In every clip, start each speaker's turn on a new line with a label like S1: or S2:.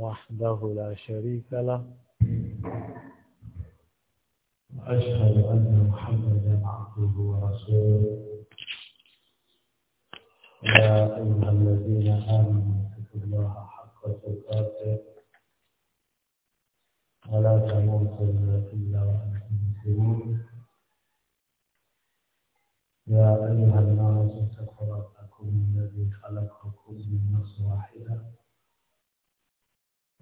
S1: وحده لا شريك له وأشهد أن محمدا عبده ورسوله يا أيها الذين آمنوا اتقوا الله حق تقاته ولا تموتن إلا وأنتم مسلمون يا أيها الناس اتقوا ربكم الذي خلقكم من نفس واحدة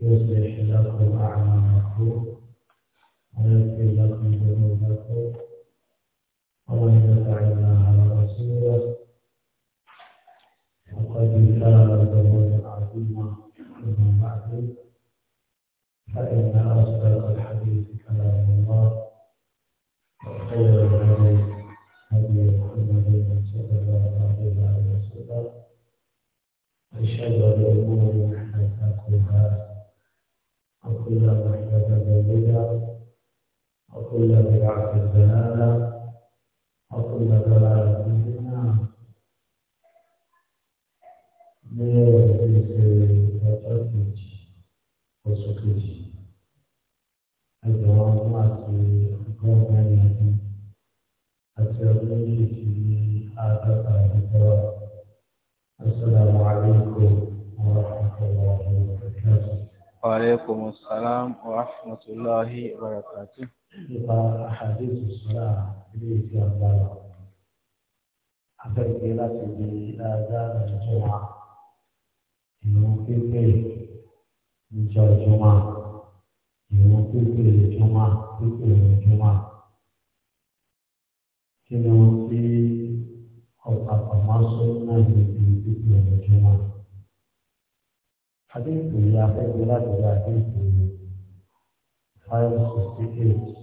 S1: يصلح لكم أعمالكم ويغفر لكم ذنوبكم ومن يطع الله ورسوله فقد فاز فوزا عظيما أما بعد فإن أصدق الحديث كلام الله وخير الهدي هدي محمد صلى الله عليه وسلم وشر الأمور محدثاتها وكل محدثة بدعة وكل بدعة ضلالة وعليكم السلام ورحمة الله وبركاته. حديث الصلاة بيت الله أفرق لك بآذان الجمعة إنه كبير من الجمعة ìwọ̀n pípé ìjọba pípé ìjọba kí ni wọ́n ti ọ̀pá pàmò sọ́nà ìdí pípé ìjọba. حديث يا أخي ولاد حديث 568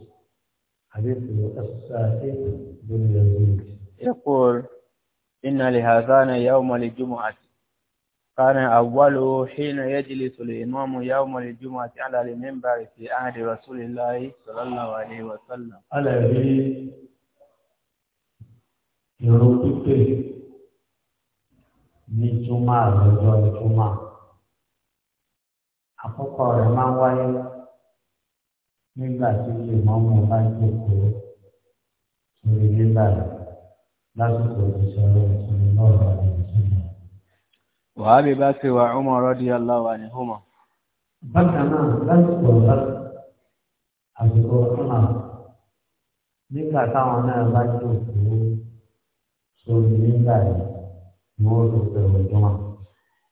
S1: حديث الساكت بن يزيد يقول إن لهذان يوم الجمعة كان أول حين يجلس الإمام يوم الجمعة على المنبر في عهد رسول الله صلى الله عليه وسلم. الذي يرد به من جمعة àkọ́kọ́ rẹ̀ máa ń wáyé nígbà tí ilé mọ́mú bá jókòó sórí nígbà lásìkò ìṣòro ìṣòro náà wà ní ìṣòro. وابي بكر وعمر رضي الله عنهما bákan náà lásìkò ọ̀la àsìkò ọ̀la nígbà táwọn náà bá jókòó sórí nígbà yìí wọ́n rò pé òjò wọn.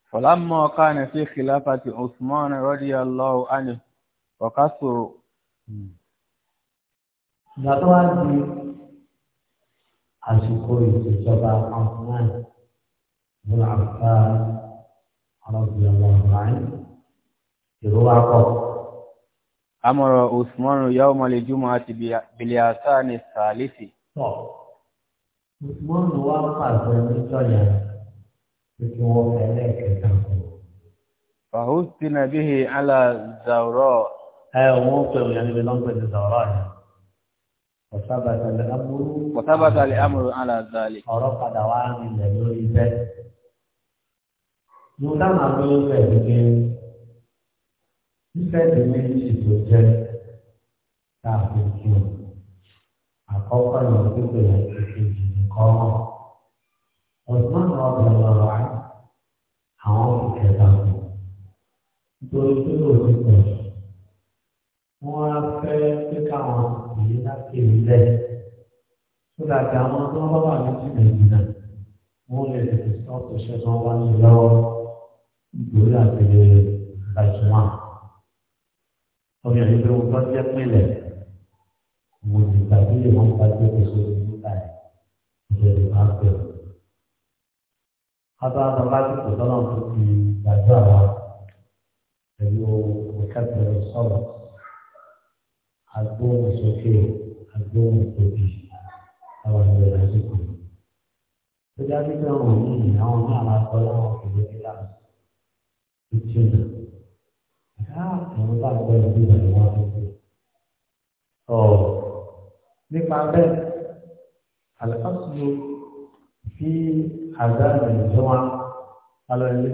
S1: فلما كان في خلافة عثمان رضي الله عنه وكثر Gbàtọ́wájú àsìkò ìṣèjọba Amman ní àbúrò àrọ́bìnrin ọ̀hún ìró wa pọ̀. Amọ̀rọ̀ Usman yawma al-jumu'ah bil-ihsan ath-thalith. Usman wá pàṣẹ níjọ́ yẹn kí wọ́n fẹ́ lẹ́ẹ̀kẹta kù. fàhùsì nàbí hi àlà zàwúrọ̀. ẹ òun pè òun yẹn níbi lọ́ngbẹ̀ ní zàwúrọ̀ yẹn. Wọ̀tábàtà lè amúrú àlà zàlè. Ọ̀rọ̀ padà wá nílẹ̀ lórí bẹ́ẹ̀. Mo dáná lórí bẹ́ẹ̀ wípé fífẹ́ ti méjì tó jẹ́ káàkiri kí o. Àkọ́kọ́ ìwọ̀n pípé yẹn ti kejì ní kọ́mọ̀. Osman ọ̀bẹ lọ́rọ̀ á àwọn ìkẹta kù nítorí pé òní pọ̀ wọ́n á fẹ́ pé káwọn èyí láti ìlẹ̀ tó dàgbà àwọn tó ń bá wà ní jìnnàjìnnà wọ́n lè tètè sọ òṣìṣẹ́ tó ń wá ní lọ́wọ́ nítorí àtẹlẹ ìbájúmọ́ obìnrin pé wọ́n bá jẹ́ pínlẹ̀ mo ti gbàgbé ìwọ̀n bá jẹ́ pèsè ìlú láì ìjọba pẹ̀lú. هذا ضغط وطلب في بعدها وكبر الصوت الدوم سوكي الدوم سوكي طبعا هذا يحزكم فذلك المؤمنين هم على طلعه في ذلك الأمر في الجنة فكان الله قد يزيد الواقع أو نفع به الأصل في àgbàdo ìjọba alọ́ ilé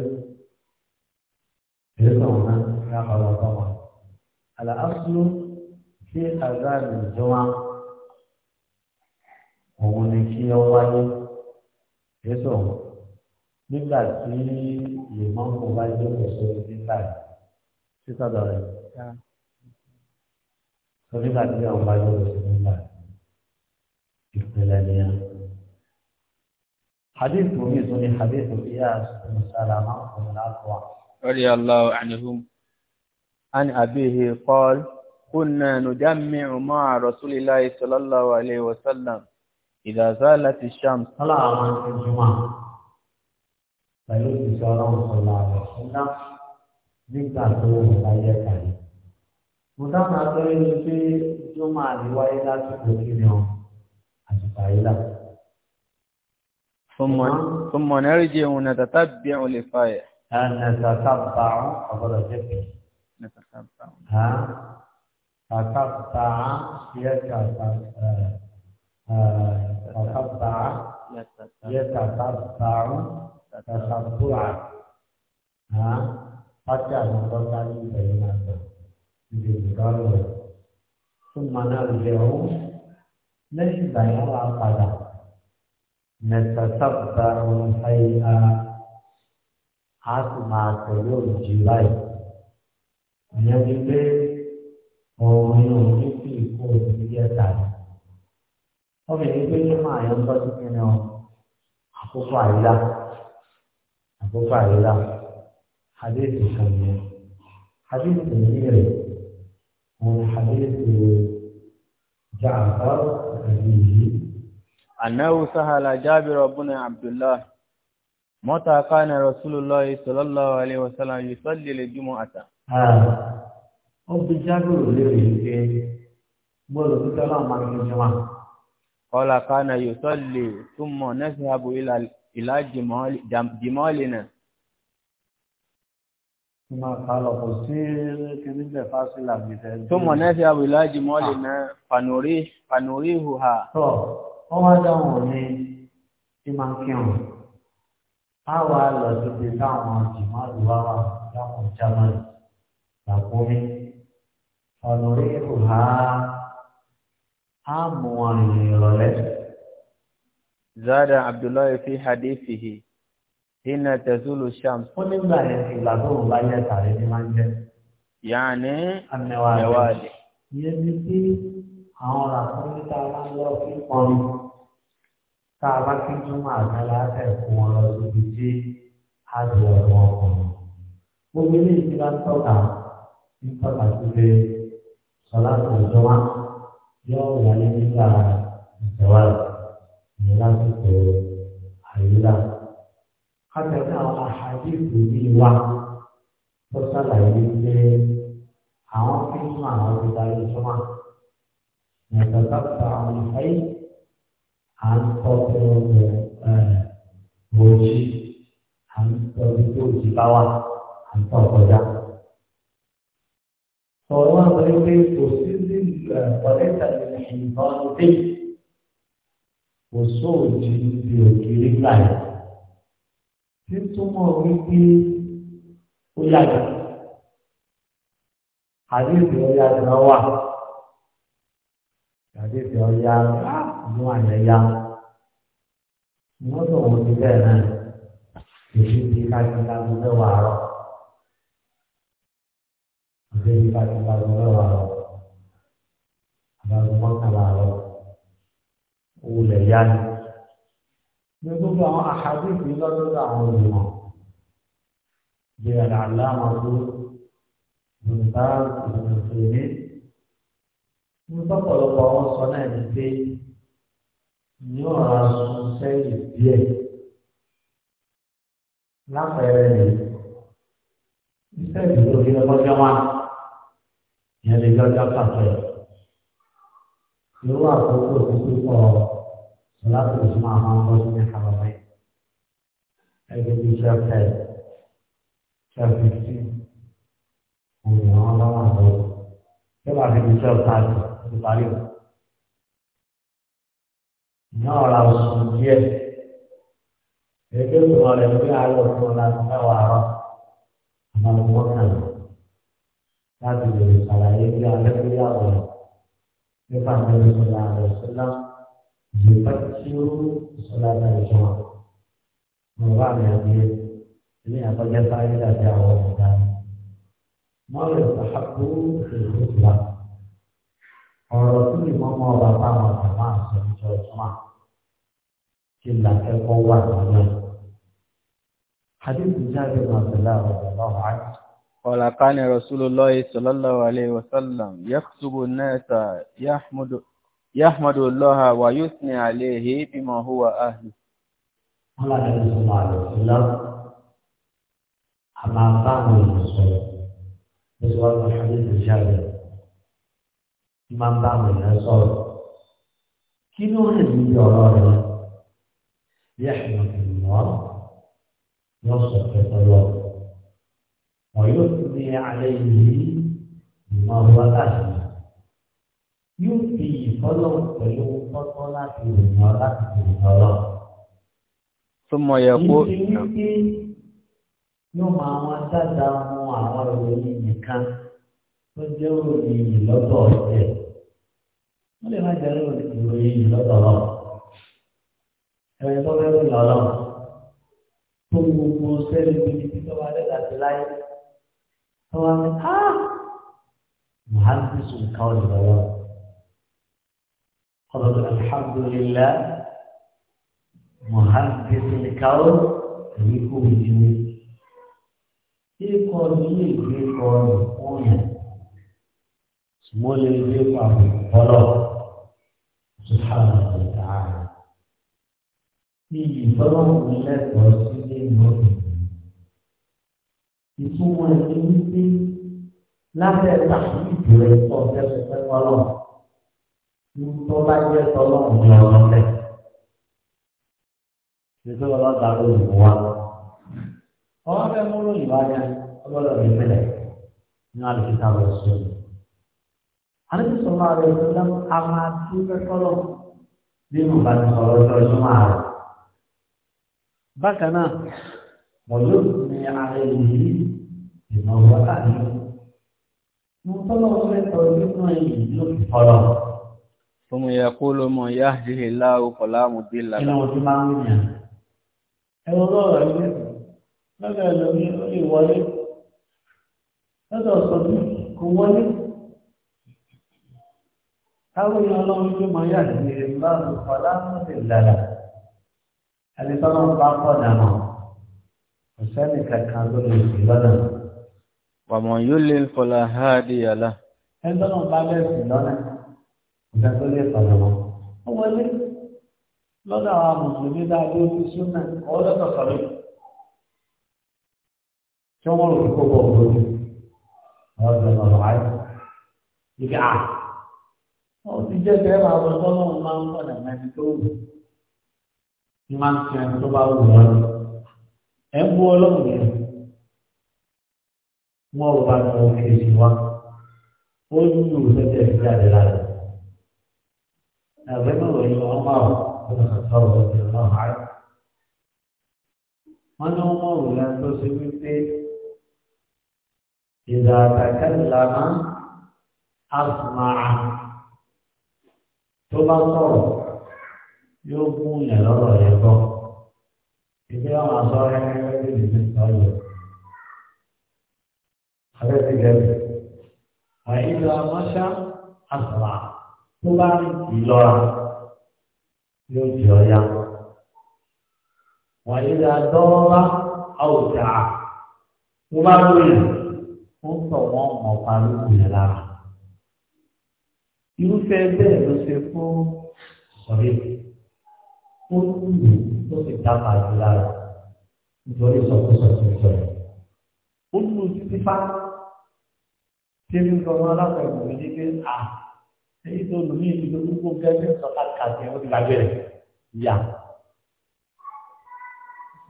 S1: ìrẹ́sọ̀ wọn náà ní àbálọ̀ ọ̀tọ̀mà àlàáfíà sí àgbàdo ìjọba òun ni kí ọ wáyé ìrẹ́sọ̀ wọn nígbà tí ìmọ̀ọ́mù bá jẹ́ òṣèlú nígbà tí sọ́dọ̀ rẹ̀ sọ nígbà tí àwọn bá jẹ́ òṣèlú nígbà ìpínlẹ̀ nìyẹn hadith omi tó ní hadith ìyá sàlámà ọ̀nà àkọ́wà. radiyallahu anhum an abihi qala kunna nujammi'u ma'a rasulillahi sallallahu alayhi wa sallam idha zalat ash-shams. sálà àwọn ìjùmọ̀ pẹ̀lú ìṣọ́rọ̀ ọ̀la rẹ̀ ṣúná nígbà tó wọ̀ láyé kàlẹ́. mo dáhùn àtọ́rẹ́ ní pé jọ́mọ̀ àríwáyé lásìkò kí ni ọ àtìpà yìí lásìkò. ثم ثم نرجع ونتتبع لفاية نتتبع أقول جبي نتتبع ها تتبع يتتبع تتبع يتتبع تتبع ها baca motor kali bayinata di kalau sumana jauh nasi bayar apa dah nẹ̀tẹ̀sàbùtà ọ̀hún ayé a a sì máa tẹ̀lé òjì báyìí. ìyẹn ti pé òun yóò ní kí ikú òjì ẹ̀ta ni. obìnrin pé kí máa yọ ń tọ́jú kí ni ọ àkókò àyílá àkókò àyílá àdéhùn kan ni àdéhùn yìí rẹ̀ òun àdéhùn jàǹbá àdéhùn yìí. أنه سهل جابر بن عبد الله متى كان رسول الله صلى الله عليه وسلم يصلي الجمعة أبي جابر قال كان يصلي ثم نذهب إلى إلى جمال جمالنا ثم نذهب إلى جمالنا فنريه فنريهها wọ́n wá dáhùn ní tí máa ń kírun á wà lọ síbi táwọn jìmáàlú wá wà láwọn jámánì làkúnmí ọ̀nà orí ìhùhá á mú àrùn ìrọ̀lẹ́. zada abdullahi fi hadithihi hina tazulu shams. ó nígbà yẹn ìgbà tó ń bá yẹ tàbí ní máa ń jẹ. yàní mẹwàá rẹ. ìyẹn ni bí àwọn ọ̀rọ̀ àfúnítà máa ń lọ sí kọrin tá a bá kí túmọ̀ àgbàlá ẹ̀kún wọn lọ síbi tí a di ọ̀rọ̀ ọkùnrin. gbogbo ilé ìtura ń tọ́ka ń tọ́ka sí sọlá tó jọ wá yóò wọlé nígbà ìjọba ní lásìkò àyílá. kájọ̀dá àwọn àhàdìsì yìí tó sàlàyé pé àwọn kí túmọ̀ àwọn ti darí túmọ̀. نتقطع من حيث عن قطر بوشي عن بوشي باوا عن قطر فهو غير وسيل وليس للحيطان به وصول جنوبي وكيري لاي تنتمو ويكي وياك حديث وياك نواه àdéhùn ọ̀yá inú àyẹ̀yá mọ́tò òun ti bẹ́ẹ̀ náà èyí ti kájíkájú mẹ́wàá rọ̀ àdéhùn kájíkájú mẹ́wàá rọ̀ àbáwọn mọ́kànlá rọ̀ owó lẹ̀ yá ni ní gbogbo àwọn àhàdìsí lọ́dọ́dọ́ àwọn olùmọ̀ bí àlàáfíà máa tó nípa ìgbìmọ̀ ìṣòro ní tọ́pọ̀lọpọ̀ àwọn sọ náà ní pé yóò ra sun sẹ́yìn díẹ̀ lápẹẹrẹ rẹ̀ iṣẹ́ ìdúró kí lọ́jọ́ wá ìyẹn lè lọ́jọ́ pàtó ẹ̀ irú àkókò tó tó pọ̀ láti oṣù máa máa bọ́ sí ẹ̀ka lọ́wọ́ ẹ̀ ẹgbẹ́ bíi twelve ten twelve fifteen òun ni wọ́n bá yóò máa fi di twelve thousand ní parí o. ìyá ọ̀la oṣù díẹ̀ èké tó wọn lè àárọ̀ tó wọn láti mẹ́wàá rọ àmọ́ ọmọ náà láti lè ṣàlàyé bí alẹ́kùnrin àwọn nípa àmì ìṣọ̀lá àwọn ìṣọ̀lá ìgbà tí ó ìṣọ̀lá náà ìṣọ̀lá. Mo bá mi àgbé ilé àkọ́jẹ́ sáré dàbí àwọn ọ̀gá mi mọ́lẹ̀ ìsàkó ìṣèlú ìlà ọ̀rọ̀ tó lè mọ́ mọ́ ọba táwọn àmà àṣẹjọ ìtumà ti là kẹ́kọ̀ọ́ wà lọ́wọ́. Hadith Jabir bin Abdullah radiyallahu anhu. قال كان رسول الله صلى الله عليه وسلم يخطب الناس يحمد يحمد الله ويثني عليه بما هو أهله. قال النبي صلى الله عليه وسلم أما قام الرسول bó ti wá lọ hadith ìṣàlẹ̀ tí máa ń bá àwọn èèyàn sọ̀rọ̀ kí ló lè ní ibi ọ̀rọ̀ rẹ̀ bí àṣìwọ̀n kì í mọ́ yóò sọ pẹ̀lú lọ wọ́n yóò tún ní alẹ́ yìí ìmọ̀ wọn láti yóò fi ìfọ́lọ́ pẹ̀lú fọ́tọ́ láti rìn lọ láti rìn lọ. Súnmọ́ yẹ kó. Ìdí wípé yóò máa wọn dáadáa mú àwọn ìròyìn nìkan tó jẹ́ ìròyìn lọ́dọ̀ ọ̀tẹ̀. wọ́n lè má jẹ́ ìròyìn lọ́dọ̀ ọ̀rọ̀. ẹ̀rọ tó fẹ́ ròyìn ọlọ́run tó gbogbo sẹ́ẹ̀lì bíi tí wọ́n bá dẹ́gbà sí láyé. wọ́n wá ní á muhammed sùn ká ọ̀dọ̀ lọ́wọ́. ọ̀dọ̀ alhamdulillah muhammed sùn ká ọ̀dọ̀ èyí kíkọ ní ìgbé kọ ọ̀rọ̀ yẹn mo lè gbé pàmò bọ́lọ̀ subhanahu wa ta'ala ní ìfọwọ́ mi lẹ́kọ̀ọ́ sí nínú ìlú ìtumọ̀ ẹni wípé lábẹ́ tàbí ìdúró ẹ̀kọ́ fẹ́fẹ́fẹ́ bọ́lọ̀ ní tó bá jẹ́ tọ́lọ́mù lọ́wọ́ bẹ́ẹ̀ ṣe tó lọ́ọ́ dàrú ìwọ́n. Orang yang mulu ibadah, Allah lebih pilih. Ngal kita Rasul. Hari Sallallahu Alaihi Wasallam amat juga kalau dia membantu Rasul semua. Bahkan, mulut ni ada di di mawakah ini. Mungkin Rasul itu ini lebih kalau. Fọmọ yẹ kó ló mọ yá ṣe láàrú kọlá mú bí lára. Inú ọdún máa ń rìn Ẹ wọ́n lọ́rọ̀ ẹgbẹ́ lọ́dọ̀ ẹlòmí ó lè wọlé lọ́dọ̀ ọ̀sọ̀tún kò wọlé táwọn èèyàn ọlọ́run tó máa yà sí ìrìnbá ọ̀pọ̀lá mọ́tẹ̀ dára ẹnitọ́nà bá pọ̀ dànù kò sẹ́ni kankan tó lè sí lọ́dọ̀ wàmọ̀ yóò lè fọlá háàdì yàrá ẹnitọ́nà bá bẹ́ẹ̀ sí lọ́nà kò sẹ́ni tó lè fọlá wọn ó wọlé lọ́dọ̀ àwọn mùsùlùmí dáadé ó ti súnmọ́ ọ̀ọ́dọ́tọ̀ sọ̀rọ̀ tí wọ́n lò kó bọ̀ Ada wọ́n lọ lọ lọ ayé ìgbà wọ́n ti jẹ́ kẹ́ máa wọ ẹgbọ́n náà máa ń padà mẹ́rin tó wù ní bantu ń fi ẹni tó bá wù wọ́n ẹ̀ ń bú ọlọ́run yẹn wọ́n rọ̀ bá lọ́wọ́ kejì wá ó ní ìlú sẹ́jẹ̀ ìgbà rẹ̀ lára إذا تكلم أسمع تبصر يقول يرى يقول إذا ما صار يقول يقول هذا تجد فإذا مشى أسرع تبان يلوى يجري وإذا دور أوسع تبان ó ń tọ̀ wọ́n mọ̀ ọ́pá yẹn lára. irúfẹ́ bẹ́ẹ̀ ló ṣe fún sọ̀rí ó lù ó sì dábàá jù lára nítorí sọ̀kúsọ̀ tó sọ̀rọ̀. ó lù títí fá tí ebi sọ wọn mi ní pé à èyí tó lù mí ìlú gbogbo gẹ́gẹ́ sọ̀kàkàtì ó ti gbàgbé rẹ̀ yà.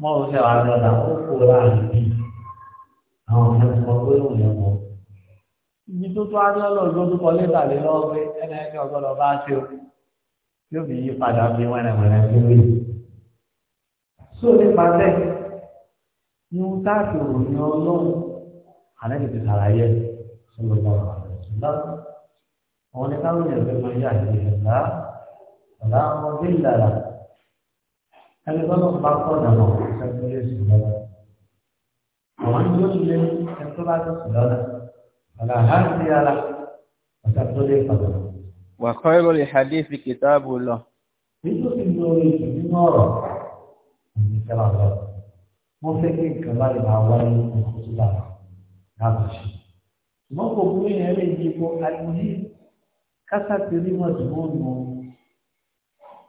S1: wọ́n ò ṣe wàá lọ́la ó kó ra àlùbí àwọn ọ̀rẹ́ ti kọ́ pé òun yẹn ibi tó tó adé ọlọ́ọ̀dún tó kọ lẹ́tà lé lọ́wọ́ pé ẹni ọ̀gọ́dọ̀ bá ṣe o yóò fi yí padà bí wẹ́rẹ̀wẹ̀rẹ̀ bí wí. só nípa bẹ́ẹ̀ ni ohun tá ọlọ́run àlẹ́ ti sàlàyé sọ́dọ̀ bá wà lọ́sùn àwọn ní káwọn èèyàn fẹ́ máa yá àti ìgbà ọ̀la ọmọ bí ومن يسلم كتبعة السلالة فلا هادي له وتبتلي قدره وخير الحديث كتاب الله nínú ìlórí nínú ọ̀rọ̀ ní kẹlá lọ mo fẹ́ kí nǹkan bá lè máa wáyé nǹkan tó bá láti ṣe ṣùgbọ́n kò burú yẹn lè yí ipò àìmọye kásá ti rí mọ̀ tí wọ́n mọ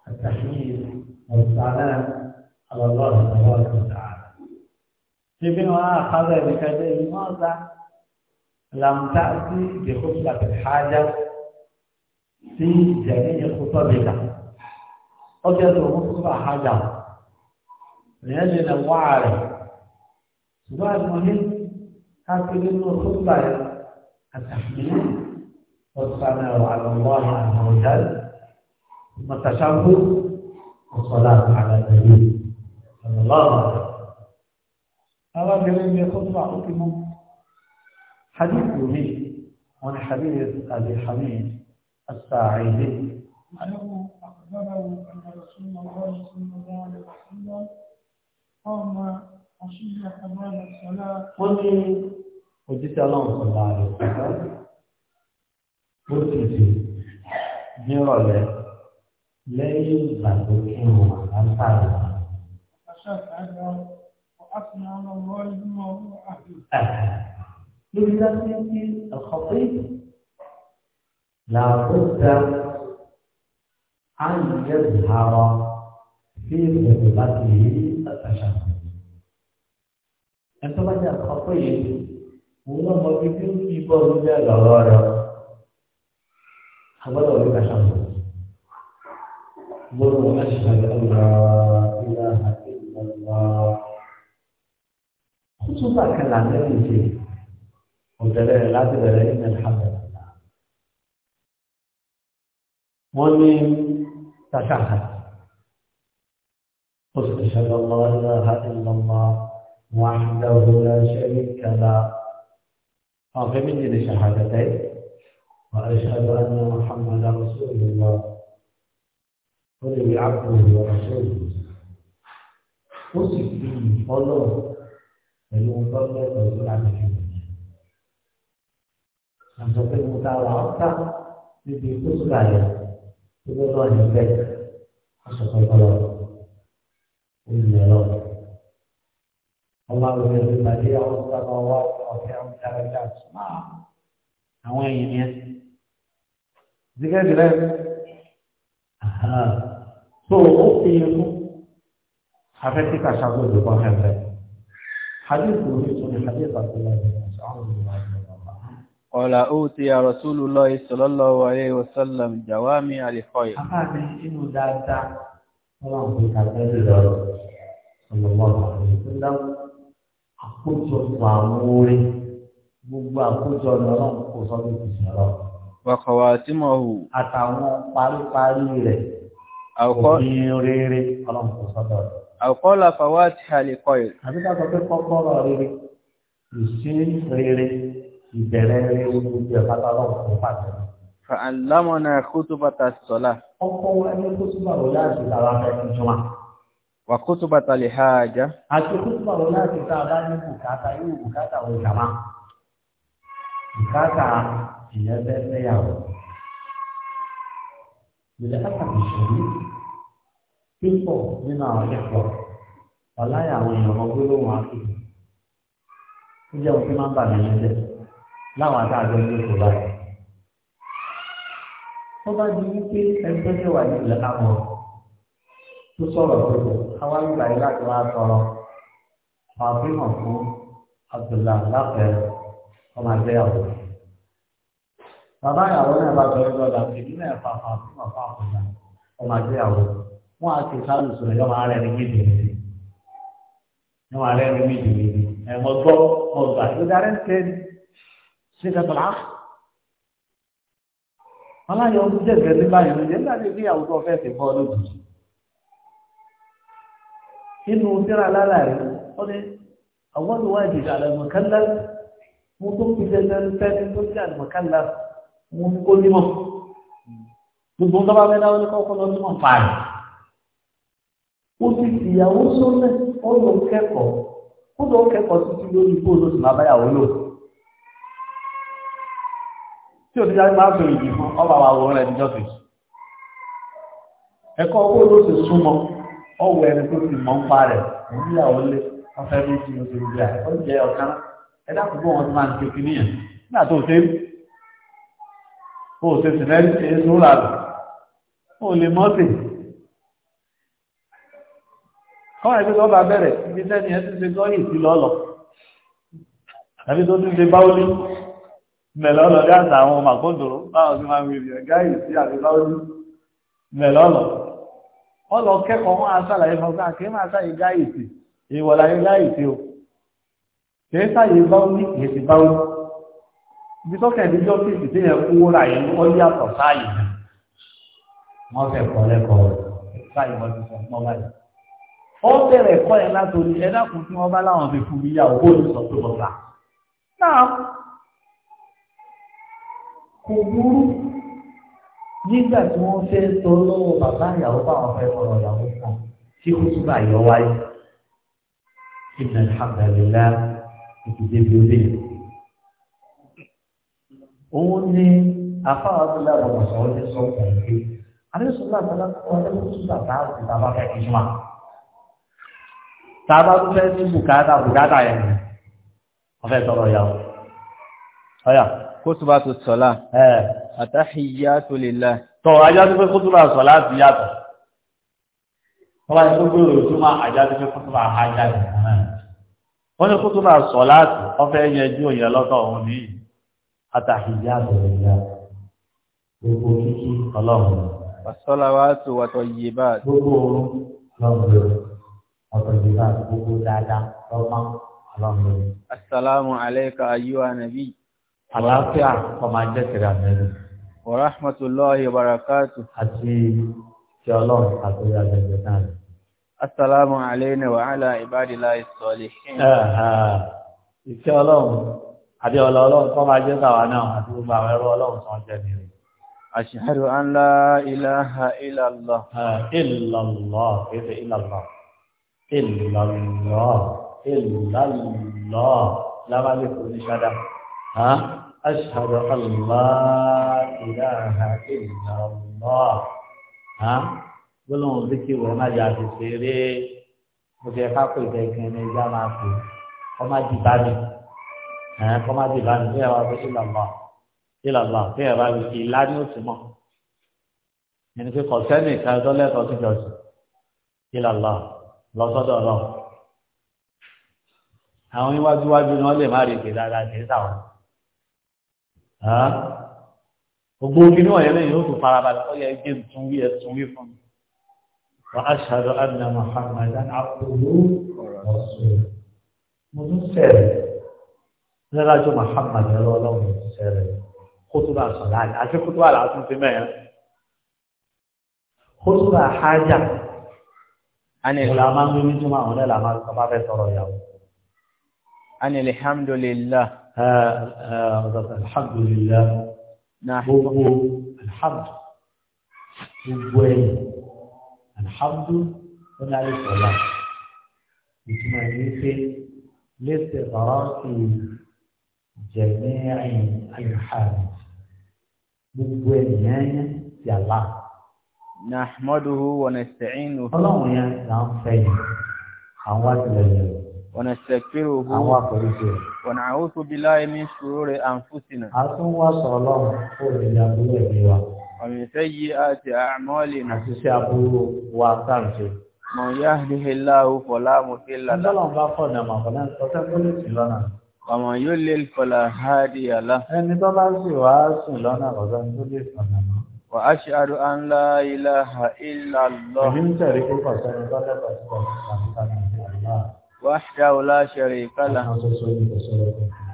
S1: àtàkùn yìí ọ̀sán náà àlọ́lọ́ ọ̀sán níbi wọn àkàrà ẹ̀ríkà jẹ́ iná ọ̀gá làǹtà sí ìdèkóṣà tẹ̀hájá sí ìjẹ̀rí ìkótọ́ bìlà ọjọ́ tó ń fún àhájà ìyẹn lè nà wá rẹ̀ ṣùgbọ́n àìmọ̀hí káàkiri nínú ọ̀tọ́gbà rẹ̀ àtàkùnrin ọ̀sán ẹ̀rọ àlọ́wọ́ àwọn ọ̀dà mọ̀tàṣàbù ọ̀sọ̀lá àlàyé ọ̀lọ́wọ́. arábìnrin ní ẹkọ́ tó àkókò mọ́ hadith omi wọn ni habib abi hamid as-sa'idi
S2: wọ́n ní òjíṣẹ́ aláwọ̀ sọ̀rọ̀
S1: àrẹ̀ ó ti di nírọ̀lẹ́ lẹ́yìn ìgbà tó kí wọn àtàrà.
S2: أسمع الله وهو
S1: أهل لذلك يأتي الخطيب لابد أن يظهر في خطبته التشهد أنت بقى الخطيب هو ما بيكون في بعض الأغارة خبره التشهد قل أشهد أن لا إله إلا الله túbà kan lànà فيه ṣe òtẹ̀lẹ̀ rẹ̀ láti bẹ̀rẹ̀ ní alhamdulilá. wọ́n ní tàṣàhà ó sì ṣẹlẹ̀ ọmọ ilẹ̀ ìlọ́mọ wọn àdá وأشهد أن محمدا رسول الله قل عبده ورسوله وصف به الله pẹ̀lú ohun pẹ̀lú láti fi Àjọ pé mo ta wà ó níbi tó sùgbà yẹn tó lọ lọ ní bẹ́ẹ̀ aṣọ kọ̀ọ̀kọ̀lọ̀ olùyẹ̀ lọ. Ọba òwe ìlú ìbàdí àwọn sábà wà ọ̀fẹ́ àwọn ìdárajà sùmọ́ àwọn èèyàn yẹn. Zikẹ́ jùlẹ̀ so ó fi yẹ fún afẹ́tíkà ṣàkóso kan fẹ́fẹ́. حديث مثل حديث عبد الله بن مسعود قال أوتي رسول الله صلى الله عليه وسلم جوامع الخير. أخاك إنه داتا صلى الله عليه وسلم àkójọ ìwà àwọn orin gbogbo àkójọ lọ́rọ̀ kò sọ bí kò sọ̀rọ̀. Wàkọ̀wà tí mo hù. Àtàwọn paríparí rẹ̀. Àwòkọ́. Òfin rere ọlọ́run kò àkọ́lá fàwátì àlèkọ́ ẹ̀. àbí ká sọ pé kọ́kọ́rọ́ rere ìṣe rere ìbẹ̀rẹ̀ rere gbogbo ẹ̀ pátá lọ́wọ́ fún pàtó. fàlámọ̀nà kótóbàtà sọ́lá. ọkọ̀ wa ní kótóbà rò láti tàwa mẹ́rin jùmọ̀. wà kótóbàtà lè ha àjá. àti kótóbà rò láti tá a bá ní bùkátà pípọ̀ nínú àwọn akẹ́kọ̀ọ́ ọ̀láyà àwọn èèyàn kan gbólóhùn ápè ó jẹ́ ohun tí máa ń bà mí lẹ́sẹ̀ láwọn àtàjọ ní oṣù báyìí. tó bá di wípé ẹni tó wà ní ìlẹ̀ káwọn tó sọ̀rọ̀ tó tó káwá ń gbà yí láti wá sọ̀rọ̀ àwọn àfihàn fún Abdullahi láfẹ̀ẹ́ ọmọ àgbéyàwó. bàbá ìyàwó náà bá sọ ọ̀dà ìdílé ẹ̀fà fà fún ọ̀fà àkùnà ọmọ àgbéyàwó wọn á ti sáré sọ̀rọ̀ yọ máa rẹ̀ ní méjì méjì yọ máa rẹ̀ ní méjì méjì ẹ mọ gbọ́ mọ gbà ló darí ń tẹ́ ṣe dàgbà aláyọ̀ ọdún jẹ́ ìgbẹ́ nígbà yẹn lóye nígbà tí ìyàwó tó fẹ́ ti bọ́ lójijì inú síra lálàyé ó ní àwọn olùwádìí àlàmọ̀kánlá mo tó fi dandan fẹ́ni tó jẹ́ àlàmọ̀kánlá mo ní kó nímọ̀ gbogbo ń bá bá mẹ́ta ó ní kọ́kọ́ lọ nímọ̀ fààyè ó ti fìyàwó sólẹ̀ ó lọ kẹ́kọ̀ọ́ ó lọ kẹ́kọ̀ọ́ títí lórí ikú olóṣù bàbá ìyàwó lò tí òtítà máa sọ ìdì fún ọba wa wọ́n rẹ̀ níjọ́ sí ẹ̀kọ́ owó olóṣù súnmọ́ ọwọ́ ẹni tó ti mọ́ ń pa rẹ̀ níyàwó lé ọ̀fẹ́ méjì oṣù ìgbé àti oúnjẹ ọ̀kan ẹ̀dá púpọ̀ wọn ti máa ń ṣe kí níyàn nígbà tó ṣe ó ṣe sì lẹ́yìn é sóòlà lò ó kọ́wọ́n ìgbésẹ̀ ọba bẹ̀rẹ̀ ibi tẹ́ni ẹ ti ṣe gọ́ọ̀lì sí lọ́lọ́ àbí tó ti ṣe báwọlí mẹ̀lọ́lọ́ dé àtà àwọn ọmọ àkóńdòrò báwọn ti máa ń wí rẹ̀ gáyì sí àti báwọlí mẹ̀lọ́lọ́ wọ́n lọ kẹ́kọ̀ọ́ wọn aṣàlàyé fún ọgbà kí máa ṣàyè gáyì sí ìwọ̀láyé gáyì sí o kì í ṣàyè báwọlí kì í ti báwọlí ibi tó kẹ̀lé jọ sí ìsìtì yẹn kú ra yẹn ó yàtọ̀ sáàyè wọ́n fẹ́ kọ́ lẹ́kọ̀ọ́ rẹ̀ sáàyè wọ́n ti sọ mọ́ báyìí ó bẹ̀rẹ̀ ẹ̀kọ́ yẹn látòrí ẹ̀dàkùn tí wọ́n bá láwọn fi fún ìyá owó ìsọ̀ tó bọ̀ta náà kò burú nígbà tí wọ́n fẹ́ sọ lọ́wọ́ bàbá ìyàwó báwọn fẹ́ ọ̀rọ̀ ìyàwó kan tí kò túbà yọ wáyé ìnà ìhàbẹ̀lélá ìdílé bí ó lè òun ni afáwọn abúlé àwọn ọ̀sán ọdún sọ̀rọ̀ pẹ̀lú àdéhùn sọ̀rọ̀ àbálá ọdún tó bàbá àti bàbá fẹ́ kí jùmọ̀ tàbá tó fẹ́ ní bùkátà bùkátà yẹn ọ̀fẹ́ tọrọ ìyàwó ọ̀yà kótóbá tó sọ̀lá àtàhìyá tó lè la tọ̀ ajá tó fẹ́ kótóbá sọ̀lá ti yàtọ̀
S2: tọ́ba tó gbèrò
S1: ìtumọ̀ ajá tó fẹ́ kótóbá ajá yẹn wọ́n ní kótóbá sọ̀lá ọ̀fẹ́ yẹn ju òyìn lọ́tọ̀ òun ní àtàhìyá tó lè la gbogbo kíkí ọlọ́run. wàsọ́lá wa tó wàtọ̀ yé báà. gbogbo ọlọ́run ọ̀tọ̀jọba gbogbo dáadáa lọ́mọ ọlọ́run. asalaamu aleyka ayiwa nabi. àlàáfíà ọmọ ajẹ́ kiri àmẹ́rin. wa rahmatulahi wa barakatu. àti ti ọlọ́run àti àgbẹ̀gbẹ̀ náà. asalaamu aleyna wa ala ibadillahi salihin. ìfẹ́ ọlọ́run àbí ọlọ́ ọlọ́run kọ́ máa jẹ́ tàwa náà àti gbogbo àwọn ẹrú ọlọ́run tó ń jẹ́ mi rè. Ashhadu an la ilaha illallah. Illallah, kìí ṣe illallah ìlọlọ ìlọlọ lábàlẹ̀ kò ní ṣáda ha aṣáájú aláìlá ìlọlọ ha gbólóhùn zikí wọ́n má yà ti ṣeré mo ti ẹ̀ka pé ìdẹ́gbẹ́ ní ẹja máa pè kọ́ má di bá mi kọ́ má di bá mi bí ẹ wá pé ìlọlọ ìlọlọ bí ẹ wá ìlà ní òsì mọ́ ẹni pé kọ̀sẹ́nì kan tó sí jọ̀sìn ìlọlọ lọ́sọ́dọ̀ náà àwọn níwájúwájú ni wọ́n lè má rí ìpè dáadáa kì í sàwọn gbogbo obìnrin wọ̀nyẹn lẹ́yìn yóò tún farabalẹ̀ ó yẹ ẹgbẹ́ tún wí ẹ tún wí fún mi wà á ṣàdọ̀ adìyẹ Muhammad àkùrú ọ̀rọ̀ mo tún sẹ̀rẹ̀ lẹ́lájọ́ Muhammad ẹ̀rọ ọlọ́run أنا الحمد أنا ما أنا لا أنا كبار أنا يا أنا الحمد أنا ها أنا الحمد أنا نحمد أنا وين أنا هنا أنا مثل أنا يفي أنا جميع الحمد وين يعني يا الله نحمده ونستعينه اللهم يا نعم سيد ونستغفره ونعوذ بالله من شرور أنفسنا أتوا صلاة قول يا بيوا ومن سيئات أعمالنا أتشابه وأتمشي من يهده الله فلا مضل له اللهم بارك ما فلا تتقبل لنا ومن يضلل فلا هادي له أن تبارك واسلنا وزن تلفنا وأشهد أن لا إله إلا الله وحده لا شريك له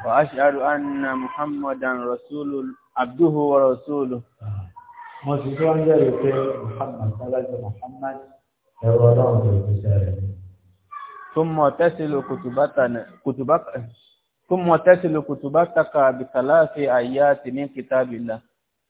S1: وأشهد أن محمدا رسول عبده ورسوله ثم تسل كتبتنا كتبك ثم تسل كتبتك بثلاث آيات من كتاب الله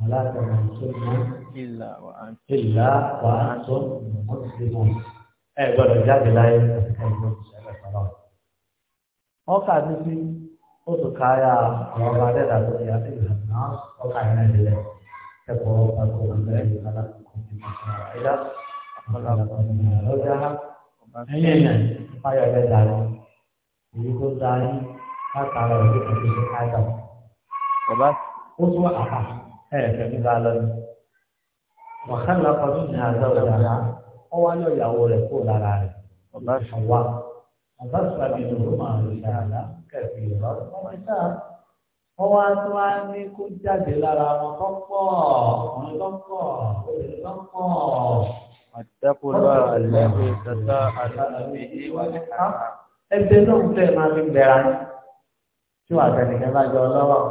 S1: ẹ gbọ́dọ̀ jáde láyé wọ́n kà ní sí ó tún ká yá àwọn ọba adẹ́dà tó yá sí ìlànà ọkà yẹn lẹ́lẹ̀ ẹ̀kọ́ ọba tó wà lẹ́yìn ìlànà ìdá ọ̀pọ̀lọpọ̀ ènìyàn ló dá ẹ̀yìn ẹ̀yìn báyọ̀ ẹ̀dẹ́ dà lọ èyí tó dá yín látara ìlú kò tó ṣe ká yà. ó tún wà àpá ẹ̀fẹ̀ mi bá lọ ni wàhálà kọjú ní àgbà òdàdà wọn wá yọ ìyàwó rẹ̀ kó lára rẹ̀ ọba ṣàwà ọba ṣàbí lòrò máa lò ṣàlá kẹfì ìrọ ọmọ ìṣá wọn wá tó wá ní kó jáde lára wọn tó pọ̀ wọn tó pọ̀ wọn tó pọ̀. àtẹ́kùn náà tata àlùfẹ́ ìwà ká. ẹgbẹ́ náà fẹ́ máa fi bẹ̀rẹ̀ tí wàá tẹnikẹ́ bá jọ lọ́wọ́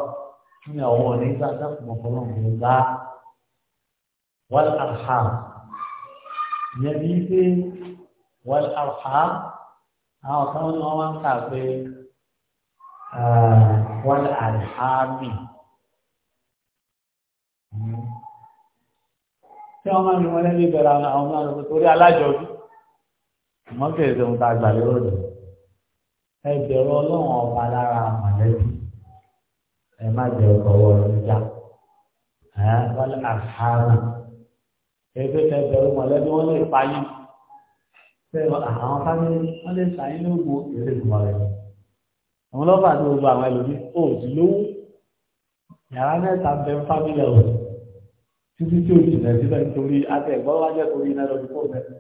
S1: ní àwọn onígbà dákùnmọ̀ fọlọ́mù ńlá wal arham yẹn ní pé wal arham àwọn kan ní wọn máa ń kà pé wal arhami tí wọn máa ń wọn lẹ́yìn bẹ̀rẹ̀ àwọn ọmọ àwọn torí alájọbí mọ́kèrè ń ta àgbàlérò rẹ̀ ẹ bẹ̀rù ọlọ́run ọba lára mọ̀lẹ́bí ẹ má jẹ ọ̀wọ́ ìjà ẹ wọ́n lé àhánà ẹgbẹ́ ẹgbẹ̀rún mọ̀lẹ́bí wọ́n lè pa yín àwọn fámìlì wọ́n lè ṣàyín lóògùn òkèèrè ìgbìmọ̀ rẹ̀ àwọn ọlọ́pàá ní gbogbo àwọn ẹlòmíì òòdì lówó yàrá mẹ́ta bẹ ń fámìlì ọ̀rọ̀ títí tí òjì rẹ̀ síbẹ̀ nítorí atẹ̀gbọ́ wájẹ́ torí iná lọ́dún kó bẹ́ẹ̀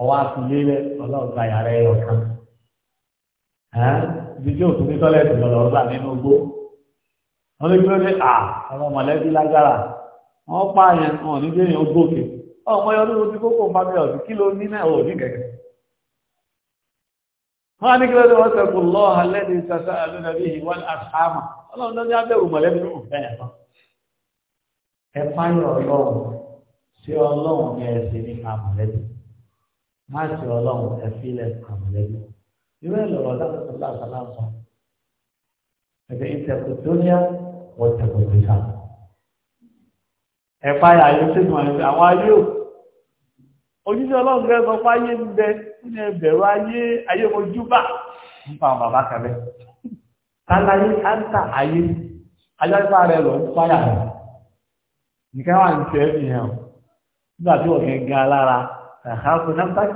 S1: ọwọ́ àfilé rẹ̀ ọlọ́ọ̀gá yàrá ẹ̀yọ̀ kan ibi tí òtún ní tọ́lẹ̀ tó lọ́ọ́ gbà nínú gbó wọ́n lè gbé à ọmọ mọ̀lẹ́bí lágbára wọ́n pààyàn wọn ní gbẹ̀yìn ó gòkè ọmọ yọ lóru tí kókó bá mi ọ̀sìn kí ló ní náà ò ní kẹ̀kẹ́ wọ́n á ní kí ló dé wọ́n sẹ́kù lọ́ alẹ́ ní sasa alúnàbí ìwọ́n àṣàmà ọlọ́run lọ́dún abẹ́rù mọ̀lẹ́bí ló ń fẹ́ ẹ̀fọ́ ẹ̀fọ́ yọ ọlọ́run sí ọlọ́run ní ẹ̀sìn ní àmọ̀lẹ́bí má sí ọlọ́run ẹ̀fílẹ̀ àmọ̀lẹ́bí irú واتقوا الرسالة ẹ̀fà ayé tí wọ́n ẹ̀fẹ́ àwọn ayé ò ojíṣẹ́ ọlọ́run rẹ̀ sọ fáyé ń bẹ nínú ẹbẹ̀rọ ayé ayé ojú bá ń pa àwọn bàbá kẹrẹ tàlàyé áńtà ayé ajáfà rẹ̀ lọ ń fáyà rẹ̀ nìkan wà ní tẹ́ fi hàn nígbà tí wọ́n kẹ́ gan alára ẹ̀há fún náà sáyé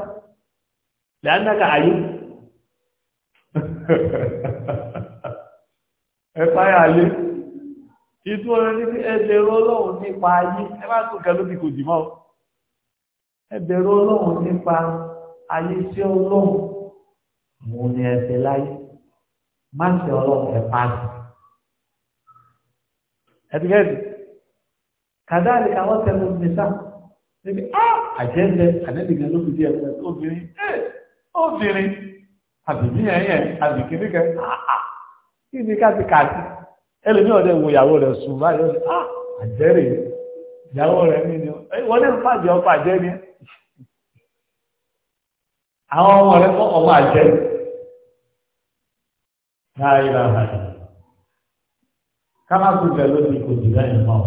S1: lẹ́yìn náà ayé ẹ̀fà ayé ìtú ọ̀rẹ́ ní pé ẹbẹ̀rọ ọlọ́run nípa ayé ẹ má tún kẹ lóbi kò dìmọ́ ẹbẹ̀rọ ọlọ́run nípa ayé sí ọlọ́run mo ní ẹsẹ̀ láyé má ṣe ọlọ́run ẹ pa sí. ẹ̀dùkẹ́dù kàdáàlì àwọn tẹnu nìta níbi á ah, àjẹ́jẹ àdẹ́dìgẹ́ lóbi díẹ̀ fún ẹ obìnrin ẹ eh, obìnrin àbìbí ẹ̀yẹ àbìkíníkẹ́ ah, ah. kí ni ká ti kà sí ẹlòmí ọ̀dẹ wo ìyàwó rẹ̀ sùn báyìí ọ̀dẹ ah àjẹrè ìyàwó rẹ̀ mí ni wọ́n ní pàjẹ́ ọkọ̀ àjẹ́ ni àwọn ọmọ rẹ̀ kọ́ ọmọ àjẹ́ láàyè láàyè kámákù bẹ̀ lónìí kò jù lẹ́yìn náà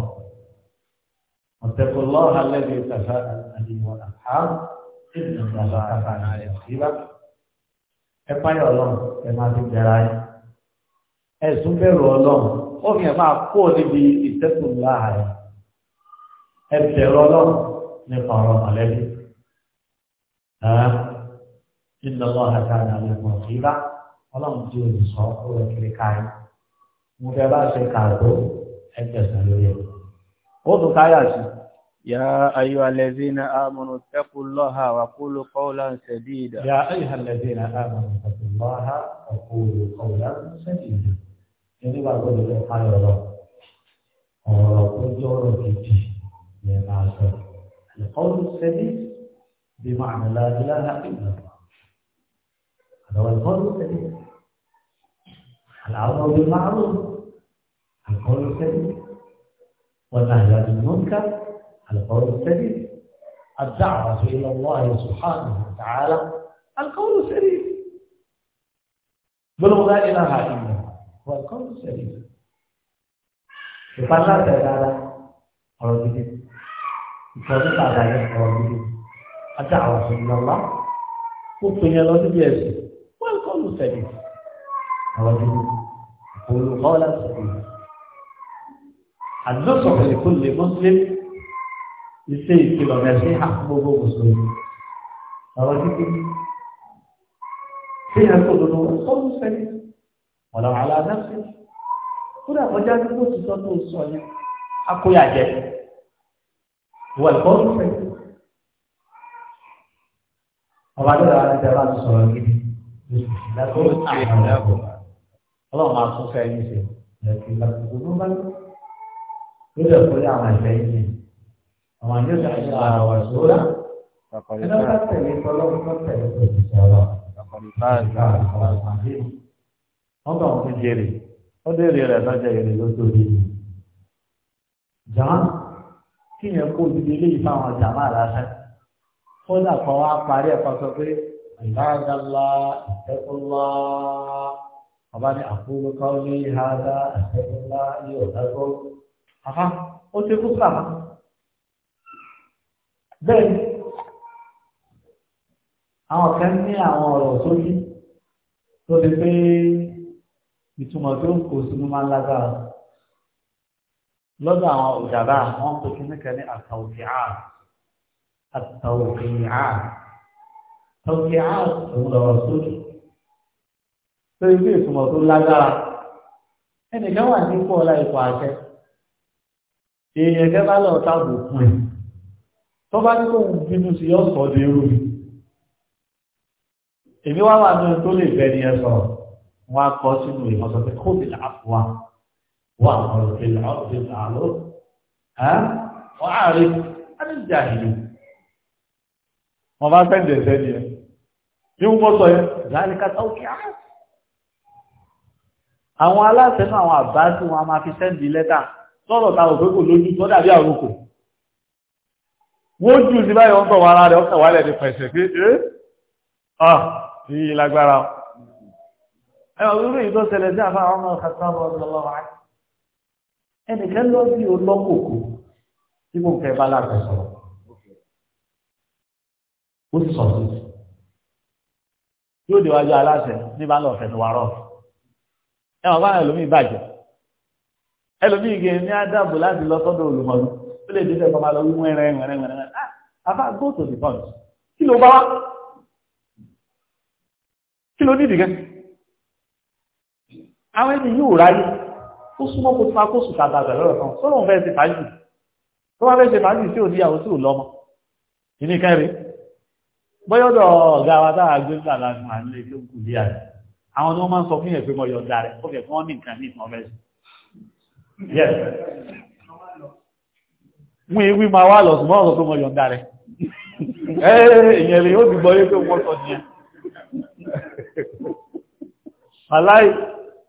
S1: ọ̀tẹ̀kùn lọ́ọ̀hà lẹ́bi ìtàfà àdìwọ̀n àhá ìtàfà àkàfà àyẹ̀síwá ẹ páyọ̀ ọlọ́run ẹ máa fi jẹra ẹ ẹ̀sùn bẹ̀rù ọlọ́run ó fi hàn máa kó níbi ìtẹ́kùn láàárẹ̀ ẹ̀bẹ̀ rọlọ́ nípa ọ̀rọ̀ mọ̀lẹ́bí. Iná lọ àti àdàlẹ̀ mọ̀ sí rá ọlọ́run tí o lè sọ ó rẹ̀ kiri káyé. Mo fẹ́ bá ṣe kàdó ẹgbẹ̀sán lórí nígbà tó lè fẹ́ káyọ̀ lọ ọ̀rọ̀ tó jẹ́ ọ̀rọ̀ gidi ni máa sọ àlùkọ́lù sẹ́ni bí máa nà láàbílá láàbílá àlọ́wọ́ àlùkọ́lù sẹ́ni àlàáfọ́ bí máa rò àlùkọ́lù sẹ́ni wọn náà yà ní mọ́ńkà àlùkọ́lù الدعوة إلى الله سبحانه وتعالى القول سليم بلغ لا إله إلا wọ́n kọ́ ló ṣẹlẹ̀. ìfà ńlá tẹ̀ rárá ọ̀rọ̀ gidi ìfọ̀ nípa àdáyé ọ̀rọ̀ gidi ajá àwọn ọ̀sìn ọ̀la ó pè yẹn lọ níbi ẹ̀sìn wọ́n kọ́ ló ṣẹlẹ̀ ọ̀rọ̀ gidi olùkọ́ láti ṣẹlẹ̀. àdúrósọ̀ pẹ̀lú kó lè mọ́sílẹ̀ iṣẹ́ ìkìlọ̀ mẹ́sìn àkókò mùsùlùmí wọn làwọn aláàdáṣe kódà kọjá ní kó títọ́ tó sọ yẹn akóyà jẹ ìwà ìkọ́ ń fẹ́ ọba dọ́là àti ẹ̀rọ àti sọ̀rọ̀ gidi ọlọ́run máa tún fẹ́ yín ṣe lẹ́kìn lásìkò ló bá lọ lórí ẹ̀kọ́ yà àwọn ẹ̀fẹ́ yín àwọn àjọṣe àṣà ara wa sóra ẹ̀dá bá tẹ̀lé tọ́lọ́run tó tẹ̀lé tó ti sọ̀rọ̀ àkọlùfáà ìgbà àwọn àdéhùn wọ́n bá wọn fi jèrè ó dé èrè rẹ̀ lọ́jà èrè ló tó di yìí. jọ́n kí yẹn kó ojúde ilé yìí fáwọn ọjà máa láṣẹ kódà kan wá parí ẹ̀kọ́ sọ pé ìbáradàlá ìtẹ́kùnlá ọba ní àkúrúkọ ní ìhàdá ìtẹ́kùnlá ní ọ̀dàgbọ́. àfa ó ti kú kàmá bẹ́ẹ̀ ni àwọn kan ní àwọn ọ̀rọ̀ sójú tó ti pé ìtumọ̀ tó ń kó sínú máa ń lágbára lọ́dọ̀ àwọn òjàrá wọ́n kó kí nìkan ní àtàwùkìá àtàwùkìá àtàwùkìá òun lọ́rọ̀ sókè tó ilé ìtumọ̀ tó lágbára ẹnìkan wà ní ipò ọlá ipò àṣẹ èèyàn kẹ́ bá lọ táàbù fún ẹ tó bá ní kóhun bínú sí yọ sọ dé rú èmi wá wà ní ohun tó lè bẹ ni ẹ sọ̀rọ̀ wọ́n á kọ́ sínú ìwọ̀n sọ pé kó bìlà àfọwà wọ́n àwọn ọ̀rọ̀ bìlà ọ̀rọ̀ bìlà àlọ́ wọ́n á rí ánìjà ìlú. wọ́n bá sẹ́ǹdẹ̀ sẹ́ni ẹ̀ bí wọ́n sọ yẹn láàrin kata òkè á. àwọn aláṣẹ náà àwọn àbá tí wọ́n máa fi sẹ́ǹdì lẹ́tà sọ̀rọ̀ táwọn òfé kò lójú tó dàbí àrùkù. wọ́n jù sí báyìí wọ́n tọ̀ ara rẹ̀ ọ̀kẹ́ ẹwà wíwú yìí tó ṣẹlẹ̀ sí àfáà ọmọ ìfàsọ́bọ̀ ọlọ́wọ́ ẹnìkan lọ sí olókòkò tí mo fẹ́ bá láti sọ̀rọ̀ ó sì sọ sí yóò déwájú aláṣẹ níbà lọ fẹ́ wà rọ ẹwà bá ẹlòmíì bàjẹ́ ẹlòmíì gẹ ní àdàbò láti lọ sọ́dọ̀ olùmọ̀lú ó lè dídẹ̀ kọ́ máa lọ wí wẹ́rẹ́ wẹ́rẹ́ wẹ́rẹ́ ah afa go kí ló bá wá kí ló nídìí gẹ́gẹ́ àwọn ẹni yóò ráyé ó súnmọ́ kó fà kó sùn tàbí àgbà lọ́rọ̀ kan sọ́nà òun fẹ́ ṣe fàájì tó bá fẹ́ ṣe fàájì tí ò níyàwó tí ò lọ́mọ ìní kẹrin bọ́yọ́dọ̀ ọ̀gá wa dára gbé nígbà láti máa nílé tó kù lé àrẹ àwọn ni wọ́n máa ń sọ fún yẹn pé mo yọ̀ọ̀dà rẹ̀ ó fẹ́ fún wọn ní nǹkan ní ìtàn fẹ́ mú ewì máa wá lọ ṣùgbọ́n ọ̀sọ̀ tó mọ̀ yọ̀ǹda rẹ̀ ẹ̀ẹ́rẹ̀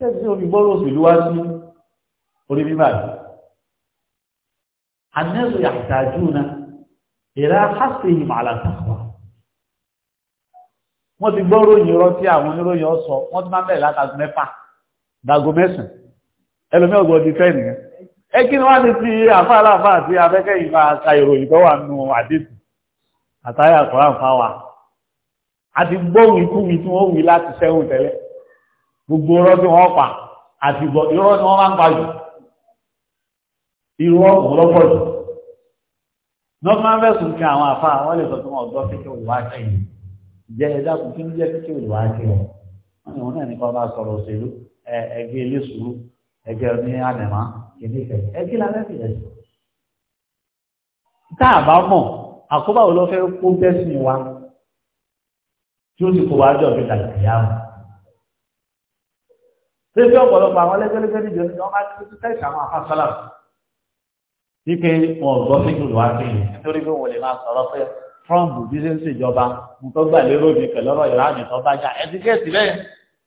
S1: tẹ́sí olùgbọ́rọ̀ òṣèlú wá sí orí mímọ̀ àti anẹ́sù yàtàjú na ìrà hásìyìn àlàtàkọ́ wọ́n ti gbọ́rọ̀ òyìnrọ́ tí àwọn oníròyìn ọ̀sọ̀ wọ́n ti máa bẹ̀rẹ̀ látàgbọ́ mẹ́fà dàgbọ́ mẹ́sàn ẹlòmí ọgbọ̀n ti fẹ́ nìyẹn ẹ kí ni wọ́n ti fi àfáàláfà àti afẹ́kẹ́ ìfà ka ìròyìn tó wà nù àdéhùn àtàrí àkọ́ràn fáwà àti gbóhùn ikú mi tí wọ́n wí láti sẹ́wọ̀n tẹ́lẹ̀ gbogbo ọ̀rọ̀ tí wọ́n pa àti ìbọ̀ irọ́ ni wọ́n máa ń pa jù irọ́ ọ̀pọ̀lọpọ̀ jù northern vessel kí àwọn àfa àwọn lè sọ pé wọ́n gbọ́ kékeré òwò akẹ́yìn jẹ́ ẹ̀dá kò kí ń jẹ́ kékeré òwò akẹ́yìn wọ́n ní wọn náà nípa bá sọ̀rọ̀ òṣèlú ẹgbẹ́ ilé sùúrù ẹgbẹ́ ní ànàmá kìíní kẹ ẹgbẹ́ lálẹ́ fi ṣébi ọ̀pọ̀lọpọ̀ àwọn ẹlẹ́gbẹ́lẹ́gbẹ́ níjọ ní wọ́n máa ti tún tẹ̀sí àwọn afásọ́lá wípé wọn ò gbọ́ sí ìlú wa sí i nítorí pé wọn lè máa sọ̀rọ̀ pé Trump bí ṣe ń ṣèjọba nǹkan gbà lérò ní pẹ̀lọ́rọ̀ ìránì tó bá já ẹtí kẹ́ẹ̀sì lẹ́yìn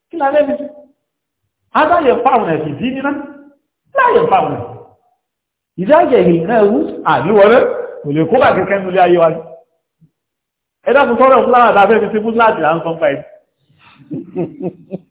S1: kí la lẹ́nu sí. adáyẹ̀ fáwọn ẹ̀sìn bí níná láyẹ̀ fáwọn ẹ̀sìn. ìdájẹ̀ yìí náà wú àníwọlé kò lè kó bá kẹ́kẹ́ nílé ayé wa. ẹ dákun sọ́rọ̀ fúláwà tá a fẹ́ fi ṣe fúláàtì à ń sọ pa ẹ̀.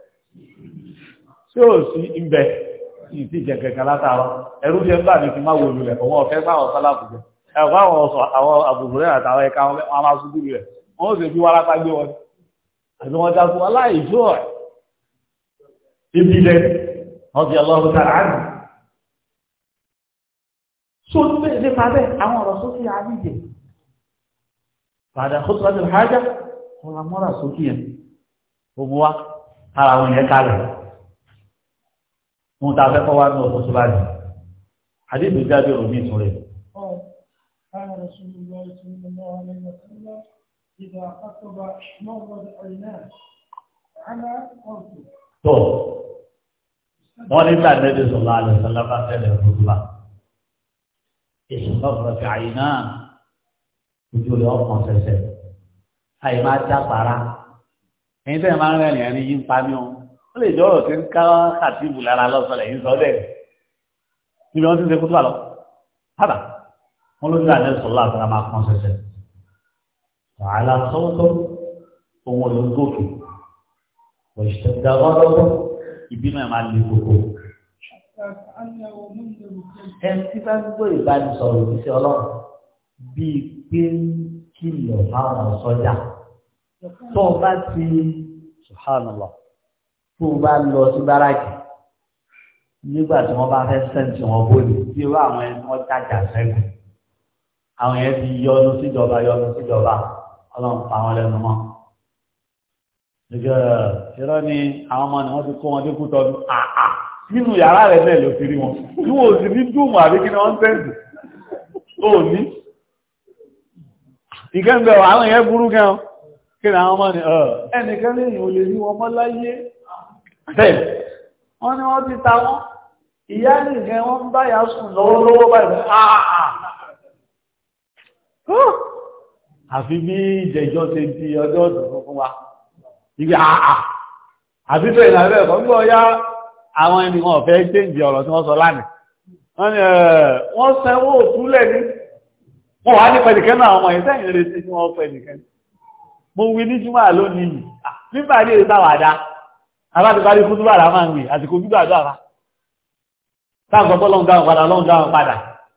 S1: tí ó sí ibẹ̀ ìtì jẹ̀kẹ̀kẹ̀ látara ẹ̀rú jẹ́ ń bà ní fi má wo olùlẹ̀ fọwọ́ ọ̀fẹ́ bá wọn sálàbù jẹ ẹ̀fọ́ àwọn ọ̀sọ̀ àwọn àbùbùrẹ́ àtàwọn ẹ̀ka wọn máa ṣubú rẹ̀ wọ́n sì fi wárápá gbé wọn àti wọn dá fún aláìjọ ẹ̀ ibi ilẹ̀ wọn ti ọlọ́run tàrà ánì
S2: so nípa bẹ́ẹ̀ àwọn
S1: ọ̀rọ̀ sókè àdíjẹ padà kó tó wá sí ìhájá wọn la mọ́ra sókè yẹn gbogbo wa ara wọn yẹn kalẹ̀ wọn ta fẹ́kọ́ wá ní ọdún tó bá jù àdébìí jáde òní tó wọn ní gbà nẹ́bí sọ̀lá àlẹ́ sọ̀lá bá tẹ̀lé ọdún bá èsì lọ́kùnrin fi àyè náà ojú rẹ̀ ọkàn ṣẹ̀ṣẹ̀ àyè máa já para ẹ̀yin tẹ́ ẹ máa ń rẹ̀ ẹ̀yìn yín pa mí o ó lè jọ ọ̀rọ̀ tí ń ká kàtíìbù lára lọ́sọ̀lẹ̀ yìí sọ bẹ́ẹ̀ níbi wọn ti ṣe kútu àlọ́ padà wọn ló ń dà nẹ́sọ̀ lọ́wọ́ àtàrà máa kàn ṣẹṣẹ wàhálà sọ́wọ́sọ́ ohun ọ̀dọ́ gòkè òṣìṣẹ́ dàgbà lọ́wọ́ ìbínú ẹ̀ máa lè gbogbo. ẹni tí bá gbọ́ ìbánisọ̀rọ̀ òṣìṣẹ́ ọlọ́run bíi pé kìlọ̀ fáwọn sọ́jà tó o bá ti subhanallah tó o bá lọ sí báràkì nígbà tí wọ́n bá fẹ́ sẹ́ǹtì wọn bóde bí irú àwọn ẹni wọ́n jàjà sẹ́gun àwọn yẹn ti yọnu síjọba yọnu síjọba ọlọ́run pa wọn lẹ́nu mọ́. Ìjọ ni àwọn ọmọ ni wọ́n ti kó wọn dé kútọ́ ní àà nínú yàrá rẹ̀ náà ló fi rí wọn. Tí wọ́n sì ní dùnmù àbí kí ni wọ́n ń tẹ̀sí. ní. Ìkẹ́ǹbẹ̀ àwọn yẹn burú gan Kí ni àwọn ọmọ ni
S2: ẹnìkan lè yìn ò lè rí wọn mọ́ láyé. bẹ́ẹ̀ wọ́n ni wọ́n ti ta
S1: wọ́n ìyá nìkan wọ́n ń báyà sùn lọ́wọ́lọ́wọ́ báyìí àfi bí ìjẹjọ́ ṣe di ọjọ́ ọdún fún wa ibi àà àfi tó ìlànà rẹ̀ kọ́ ya àwọn ọ̀rọ̀ tí wọ́n sọ lánàá wọ́n ní òtúlẹ̀ ní wọ́n alábìbárí fún túbàrà máa ń wì àsìkò gbígbàdọ́ àrá táàgbọ́ tó lọ́n dáhùn padà lọ́n dáhùn padà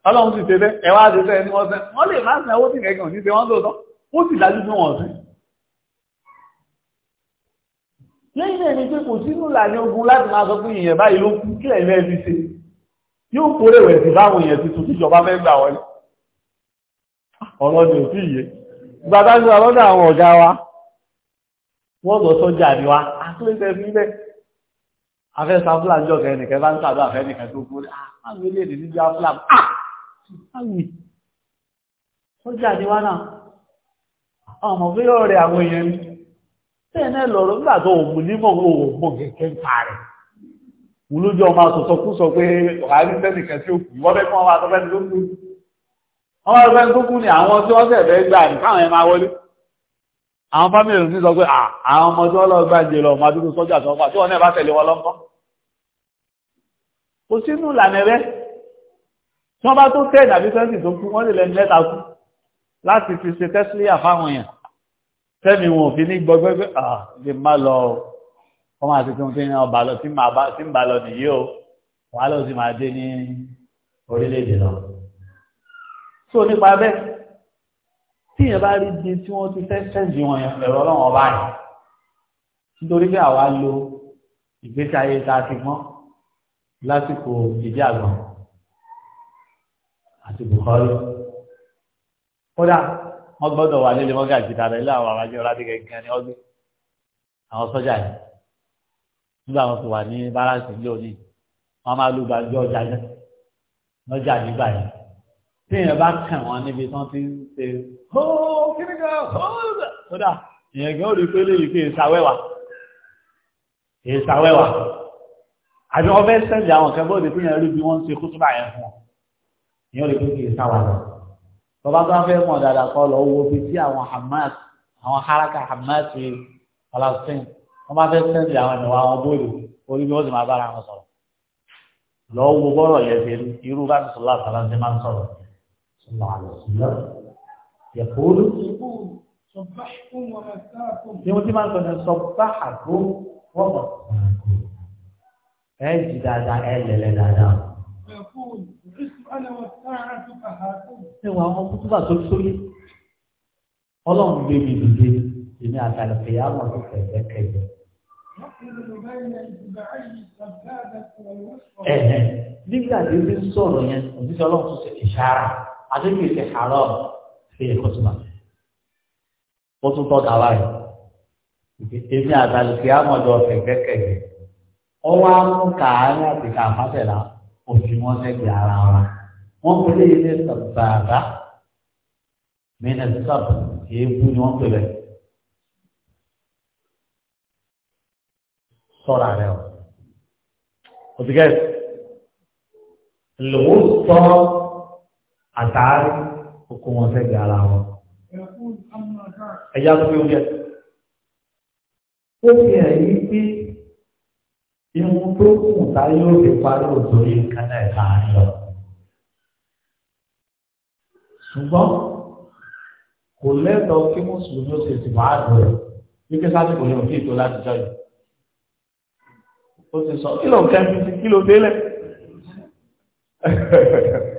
S1: ọlọ́run sì ṣe bẹ́ ẹwà àti ṣe ẹni wọ́n sẹ́ wọ́n lè máa sanwó sí ẹ̀gàn ní ṣe wọ́n tó tọ́ ó sì dájú sí. lẹ́yìn ẹni àkílẹ̀sẹ̀ fi bẹ́ afẹ́ sáfúlà jọ kẹ́ nìkẹ́ bá ń sàdó afẹ́ tó kú ah, ah! ni wá náà ọmọ bí ni bẹ́ẹ̀ náà lọ́rọ̀ nígbà tó òun nímọ̀ òun kẹ̀kẹ́ ń pa rẹ̀ mo lójú ọmọ àtọ̀tọ̀ kú sọ pé ọ̀hárí sẹ́nìkẹ́ tí ó kù wọ́n fẹ́ kí wọ́n wá tọ́fẹ́ ní tó kú wọ́n wá tọ́fẹ́ ní tó kú ni àwọn tí wọ́n sẹ̀ gbà ní káwọn ẹ̀ máa wọlé àwọn fámílì sí sọ pé àwọn ọmọ tí wọ́n lọ gbá jẹ lọ ọmọ àdúgbò sọ́jà tó wà tí wọ́n náà bá tẹ̀lé wọn lọ́kọ́ kò sínú ìlànà rẹ tí wọ́n bá tó tẹ́ ìdàbí sẹ́ǹsì tó kú wọ́n lè lẹ́nu lẹ́ta kú láti fi ṣe tẹ́sílíà fáwọn èèyàn tẹ́mi wọn ò fi ní gbọgbẹ́ pé ah má lọ ọmọ àti tó ń tẹ́yìn ọba lọ tí ń bá lọ nìyí o wàhálà ó sì máa dé ní orílẹ̀-èdè lọ. so nípa bẹ́ẹ̀ tí èèyàn bá rí di tí wọ́n ti fẹ́ sẹ́ǹdì wọn yẹn ẹ̀rọ ọlọ́run ọba rẹ̀ nítorí pé àwa lo ìgbésí ayé tá a ti gbọ́n lásìkò ìdí àgbọn àti Buhari kódà wọ́n gbọ́dọ̀ wà nílé mọ́gà jìdá rẹ̀ láwọn àwájú ọ̀làdé gẹ̀gẹ́ ni ọgbẹ́ àwọn sọ́jà yìí nígbà wọn fi wà ní báràsì ní òní wọn máa lù gbàgbé ọjà yẹn lọ́jà nígbà yẹn tí èèyàn bá kàn wọ́n níbi tán ti ń ṣe
S2: hóó kíní kan hóó kódà
S1: èèyàn gan ó rí pé léyìí kí ìsàwẹ́wà ìsàwẹ́wà àbí wọ́n fẹ́ sẹ́ǹdì àwọn kan bóde tí èèyàn rí bí wọ́n ń ṣe kútúbà yẹn fún wọn èèyàn rí pé kí ìsàwà lọ bàbá tó Palestine wọ́n bá fẹ́ sẹ́ǹdì àwọn ìwà wọn bóde orí bí wọ́n sì máa bára wọn sọ̀rọ̀ lọ wo bọ́rọ̀ yẹn ṣe irú bá ti sọ̀rọ̀ àtàlà ṣe صلى الله عليه وسلم يقول
S2: صبحكم ومساكم يوم تما
S1: كنا صبحكم ومساكم اي دادا ال لا دادا
S2: يقول عشت انا والساعه فهاكم هو هو
S1: كتبا سوري Ọlọ́run gbé mi dìde èmi àtàlẹ fìyà wọn tó fẹsẹ̀ kẹjọ. Ẹ̀hẹ̀ nígbà tí ó ti sọ̀rọ̀ yẹn, òbí sọ́lọ́run tó ṣe ìṣára àti kì í ṣe haram fi èkó tó máa ó tún tọ́ dàwa yìí èmi àtàlùkì àmọ̀jọ kẹ̀kẹ́kẹ̀kẹ́ ó wá mú kàárín àti kàfáṣẹ̀lá òfin wọn sẹ́gbẹ̀ẹ́ ara wa wọ́n pè é ilé sàbàbà mẹ́nà sábà èébú ni wọ́n pè bẹ́ẹ̀. sọ́ra rẹ̀ o. òtí gẹ́gẹ́ lòún sọ àtàárí oko wọn fẹ́ gbé ara wọn. ẹ̀yà tó fi oúnjẹ. ó fi hàn pé irun tó kù tá yóò fi parí òtòrí nǹkan náà ká lọ. ṣùgbọ́n kò lẹ́tọ̀ọ́ kí mùsùlùmí ó ṣe ti máa dùn ẹ̀ kí sáà tí kò ní òfin ètò láti jọ yìí. ó ti sọ kí ló ń kẹ́ mi sí kí ló délẹ̀.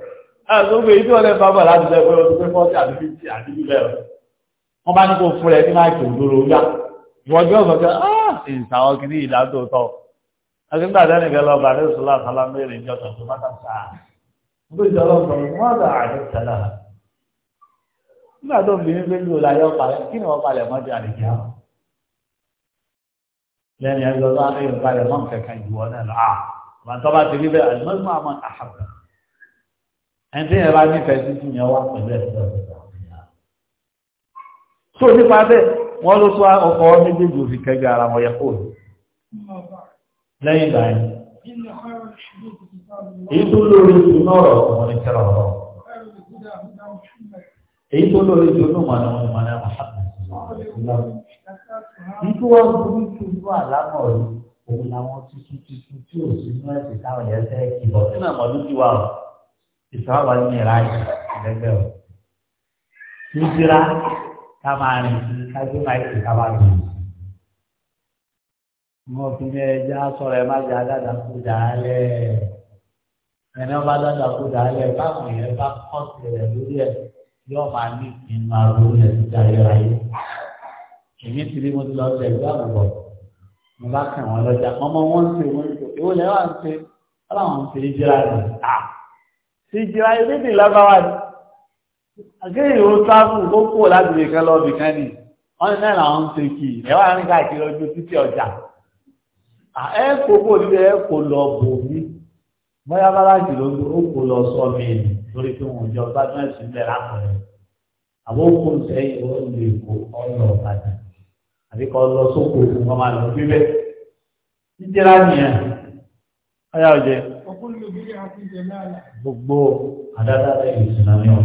S1: àgbègbè yìí tí wọ́n lè bá bọ̀ láti lẹ́gbẹ́ ọdún pé fọ́ọ̀tì àti fífì àti bíbẹ̀ rẹ̀ wọ́n bá ní kó fún rẹ̀ ní máìkì òdòrò yá ìwọ́jú ọ̀sọ̀ pé ah ìsàwọn kìíní ìdá tó tọ́ àgbẹ̀gbà dẹ́nìkan lọ bàrẹ́ sọlá àtàlà mẹ́rin ìjọ tó bá tà sáà nígbèjì ọlọ́run wọn lọ àdé sẹ́lá nígbà tó ń bí ẹni tí yẹn bá nífẹ̀ẹ́ títí yẹn wá pẹ̀lú ẹ̀sìn ọ̀sẹ̀ tó nípa bẹ́ẹ̀ wọ́n ló tó ọkọ̀ méjèèjì òfin kẹgbẹ́ ara wọn yẹ kó lẹ́yìn ìgbà yẹn
S2: èyí tó lórí
S1: ìlú náà rọ̀ wọn ní kẹrọ rọ̀ èyí tó lórí ìlú náà wọn ni wọn ni wọn ni wọn ní kí wọ́n burú tó bú àlámọ̀ rí òun làwọn tuntun tuntun tí ìṣòro ìnira yìí lẹ́gbẹ̀ẹ́ o. Ìjìra ká máa rìn sí kájú máa ṣe ká máa rìn. Mo fi ní ẹja sọ̀rọ̀ ẹ má jẹ́ àdàdà kú dàálẹ̀. Ẹni ọba dàdà kú dàálẹ̀ báwọn yẹn bá kọ́ sílẹ̀ lórí ẹ̀ yóò máa ní ìnú àrùn rẹ̀ sí ayérayé. Èmi ti rí mo ti lọ sẹ̀ ìgbà àbùbọ̀. Mo bá kàn wọ́n lọ́jà. Ọmọ wọn ń ṣe wọ́n ń ṣe. Ìwọlẹ̀ ń ṣe. Ọlọ́run ń ṣe ìjìra rẹ̀. Ah! ìjìlá ìdíje lábáwá ni àgéyìn ó sáfù ó kú láti lè kan lọ́ọ̀bì kan ni wọ́n ní náà ń ṣe kì í ẹ̀wà káàkiri ọjọ́ títí ọjà lọ bò mí ló lọ sọ mi nì lórí pé wọn jọ bá tún ẹsìn bẹ́ẹ̀ lápẹẹrẹ àbó kó sẹ́yìn ó lè kó àbí lọ sóko fún ọmọ nìyẹn ọyá gbogbo àdáta rẹ̀ ìsìnàmí ọ̀.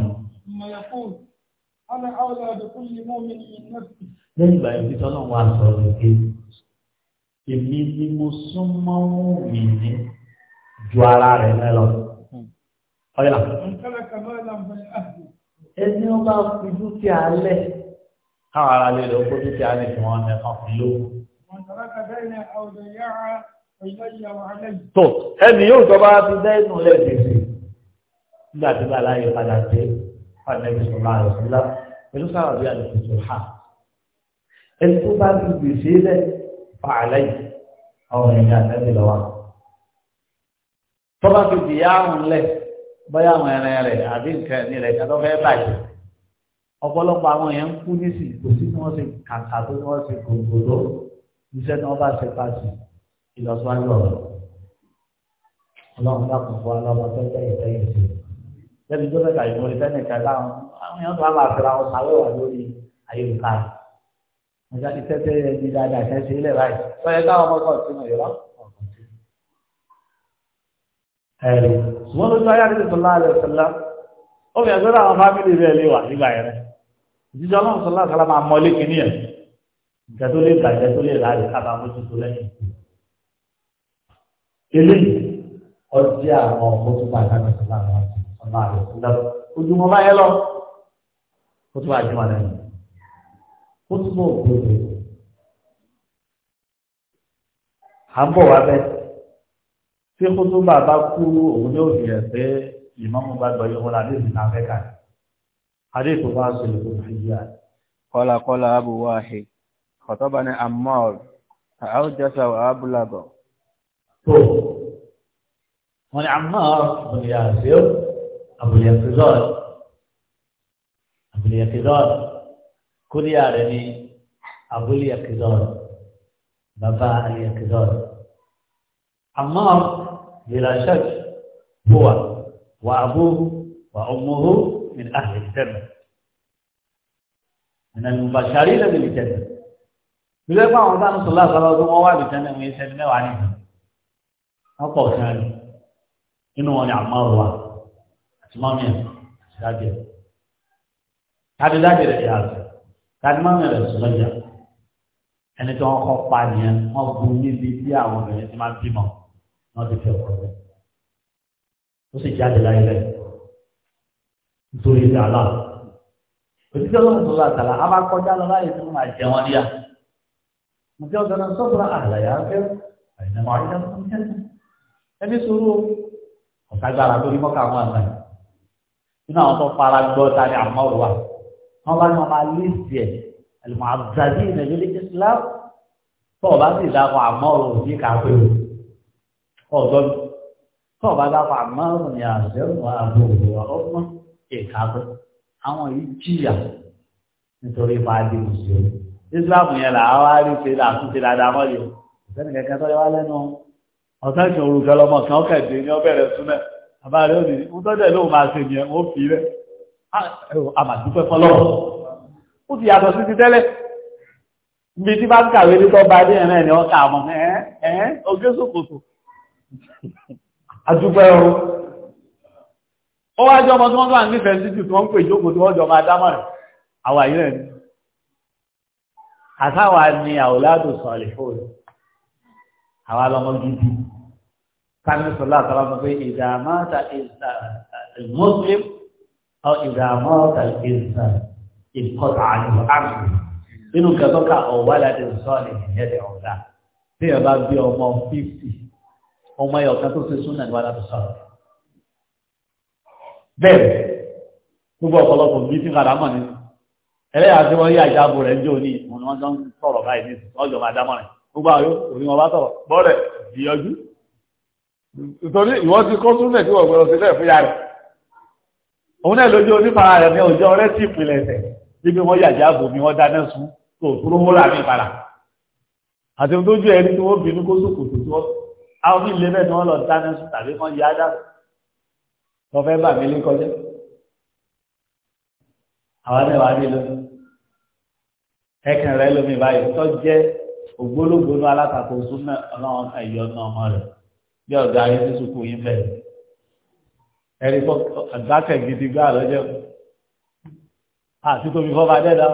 S1: lẹ́yìn ìgbà ibi tí ọlọ́run wà sọ̀rọ̀ pé èmi ni mo súnmọ́ mi ní ju ara rẹ̀ lẹ́lọ. ọ̀yà ẹni ọba fi dúkìá lẹ̀ káwọn ará lè lọ kó dúkìá lè fi wọn ẹ̀kan fi lówó tó ẹni yóò jọba fi dẹ́nu lẹ́gbẹ̀ẹ́sì nígbà tí bá aláyé padà dé fàdínẹ́bí sọ̀rọ̀ àrùsílá pẹ̀lú sáwà bí àlùkò tó hà ẹni tó bá fi gbèsè lẹ̀ fà àlẹ́yìn àwọn ènìyàn àtẹ́bí lọ́wọ́ tó bá fi dìyàwó lẹ̀ bóyá àwọn ẹran rẹ̀ àbí nǹkan ẹ̀ní rẹ̀ kí fẹ́ bàjẹ́ ọ̀pọ̀lọpọ̀ àwọn èèyàn ń kú nísìnyí kò sí kí wọ́n ṣe kàkà tó kí wọ́n ṣe gbogbo ìlọsíwájú ọ̀rọ̀ ọlọ́run dákun fún ọlọ́run tó tẹ̀yìn tẹ̀yìn sí lẹ́bi tó fẹ́ẹ́ kàyé mọ́lẹ́ fẹ́ẹ́ nìkan láwọn àwọn èèyàn tó wà máa fẹ́ra wọn sáré wà lórí ayélujára ọjà ti tẹ́tẹ́ ẹni dáadáa ṣe é ṣe ilẹ̀ báyìí sọ́yẹ́ káwọn ọmọ kan sínú ìrọ́ ẹ̀rì wọ́n ló jọ ayáàdé tó láàrẹ̀ ọ̀sẹ̀lá ó fi ẹ̀sẹ̀ àwọn fámìlì rẹ̀ lè wà nígbà yẹn rẹ̀ jíjọ ọlọ́run sọlá kala máa mọ ilé kìíní ẹ̀ nǹkan tó lè bàjẹ́ tó lè láàrẹ̀ kábàámójútó lẹ́yìn eléyìí ọjọ́ àwọn ọmọ tó bá ìdáná tó bá àwọn ọmọ àlọ ńlá ojúmọ́ bá yẹ lọ ó tún wáá jùmọ̀ lẹ́yìn ó tún bọ̀ òkúròdò à ń bọ̀ wá bẹ́ẹ̀ tí kótóbà bá kú òun ní òbí rẹ̀ pé ìmọ̀mú bá gbọ́ yọ̀wọ́n adé ìlú náà fẹ́ẹ́ kà adé tó bá ṣe lòkùn nàìjíríà. kọ́lá kọ́lá abu wahid kọ́tọ́bà ní amọ́ọ̀lù àáwùjọ́sà wà á هو هون عمار بن ياسر أبو اليقظات أبو اليقظات كل يعني أبو اليقظات بابا اليقظات عمار بلا شك هو وأبوه وأمه من أهل الجنة من المبشرين بالجنة يقول لك ما عمدان صلى الله عليه وسلم وعليه وسلم ọ̀pọ̀ ọ̀sán rẹ̀ nínú wọn ni àmọ́rò wa àti mọ́mí ẹ̀ àti dájú ẹ̀ tàbí dájú rẹ̀ yà rẹ̀ tàbí mọ́mí rẹ̀ sọ lọ́jà ẹni tí wọ́n kọ́ pa nìyẹn wọ́n bu níbi bí àwọn obìnrin ti máa ń bímọ wọ́n ti fi ọ̀pọ̀ rẹ̀ ó sì jáde láyé rẹ̀ nítorí ìdàlá òtítọ́ lọ́wọ́ tó lọ a máa kọjá lọ láyé tó máa jẹ wọn níyà mo jẹ́ ọ̀gá náà sọ́kùnrin àlàyé àgbẹ̀ àìdàmọ́ àìdàmọ́ ẹni sùúrù ọ̀ságbára lórí mọ́kà wọn náà nínú àwọn tó fara gbọ́ ta ni àmọ́ wà wọn bá ní wọn máa lé sí ẹ ẹlòmọ àbùzàdì ìnàjò lè islam tó o bá sì dáko àmọ́ òun ní káfíń ọ̀dọ́ tó o bá dáko àmọ́ òun ní àṣẹwò àbò òwò ọmọ ìkáfíń àwọn yìí jìyà nítorí máa di mùsùlùmí islam yẹn là á wá rí ṣe àtúnṣe dáadáa mọ́ yìí sẹ́ni kẹ̀kẹ́ tó yẹ wá lẹ́nu ọ̀sán ìṣàn òrùka lọmọ kan ó kẹ̀dé ní ọbẹ̀rẹ̀ súnmẹ̀ bàbá rẹ̀ ó ní ó ló máa ṣe yẹn ó fi rẹ̀ àmàdúpẹ́ fọlọ́wọ́ ó ti yàtọ̀ sí ti tẹ́lẹ̀ ibi tí bá ń kàwé ní tọ́ba dé ẹ̀rẹ́ ni ọkà àmọ́ àwa lọ́mọ gidi kánú sọlá àtàlà sọ pé ìdààmọ́ta ìsà muslim ọ ìdààmọ́ta ìsà ìkọta àjùmọ̀ àmì nínú kẹtọ́ka ọ̀wálà ti sọ ní ìyẹ́dẹ̀ ọ̀dà tí ẹ bá bí ọmọ fífì ọmọ ẹ̀yọ̀ kan tó ṣe súnà ní wàlá tó sọ̀rọ̀ bẹ́ẹ̀ gbogbo ọ̀pọ̀lọpọ̀ bí tí kàrà mọ̀ ní ẹlẹ́yà tí wọ́n yí àjábò rẹ̀ ń jò ní ìmọ̀ ni wọ́n jọ ń sọ̀rọ̀ báyìí ní ọjọ́ máa dámọ̀ràn gbogbo àyó òní wọn bá sọ̀rọ̀ bọ́ọ̀lẹ̀ ìyọjú nítorí ìwọ́n ti kọ́ súnmẹ̀ tí wọ́n gbọ́dọ̀ sílẹ̀ fúyà rẹ̀ òun náà lójú onífara rẹ̀ ní òjò ọ̀rẹ́ tí ìpìlẹ̀ ẹ̀sẹ̀ níbi wọ́n yàjá bò mí wọ́n dáná sun tó òfurú múra ní ìpara àti ohun tójú ẹni tí wọ́n bínú kó sókòtò tó àwọn ilé bẹ́ẹ̀ ni wọ́n lọ dáná sun tàbí wọ́n yá dá lọ bà mí lé kọjá àwọn báyìí tó jẹ́ ògbólógbòó alátakò súnmọ́ ọlọ́run ẹ̀yọ́ náà ọmọ rẹ̀ bí ọ̀gá ayé tó sùkú yín bẹ̀rẹ̀ ẹ̀rí fọ́ àgbákẹ́ gidi gbá lọ́jọ́ àti tóbi fọ́ bá dẹ́dá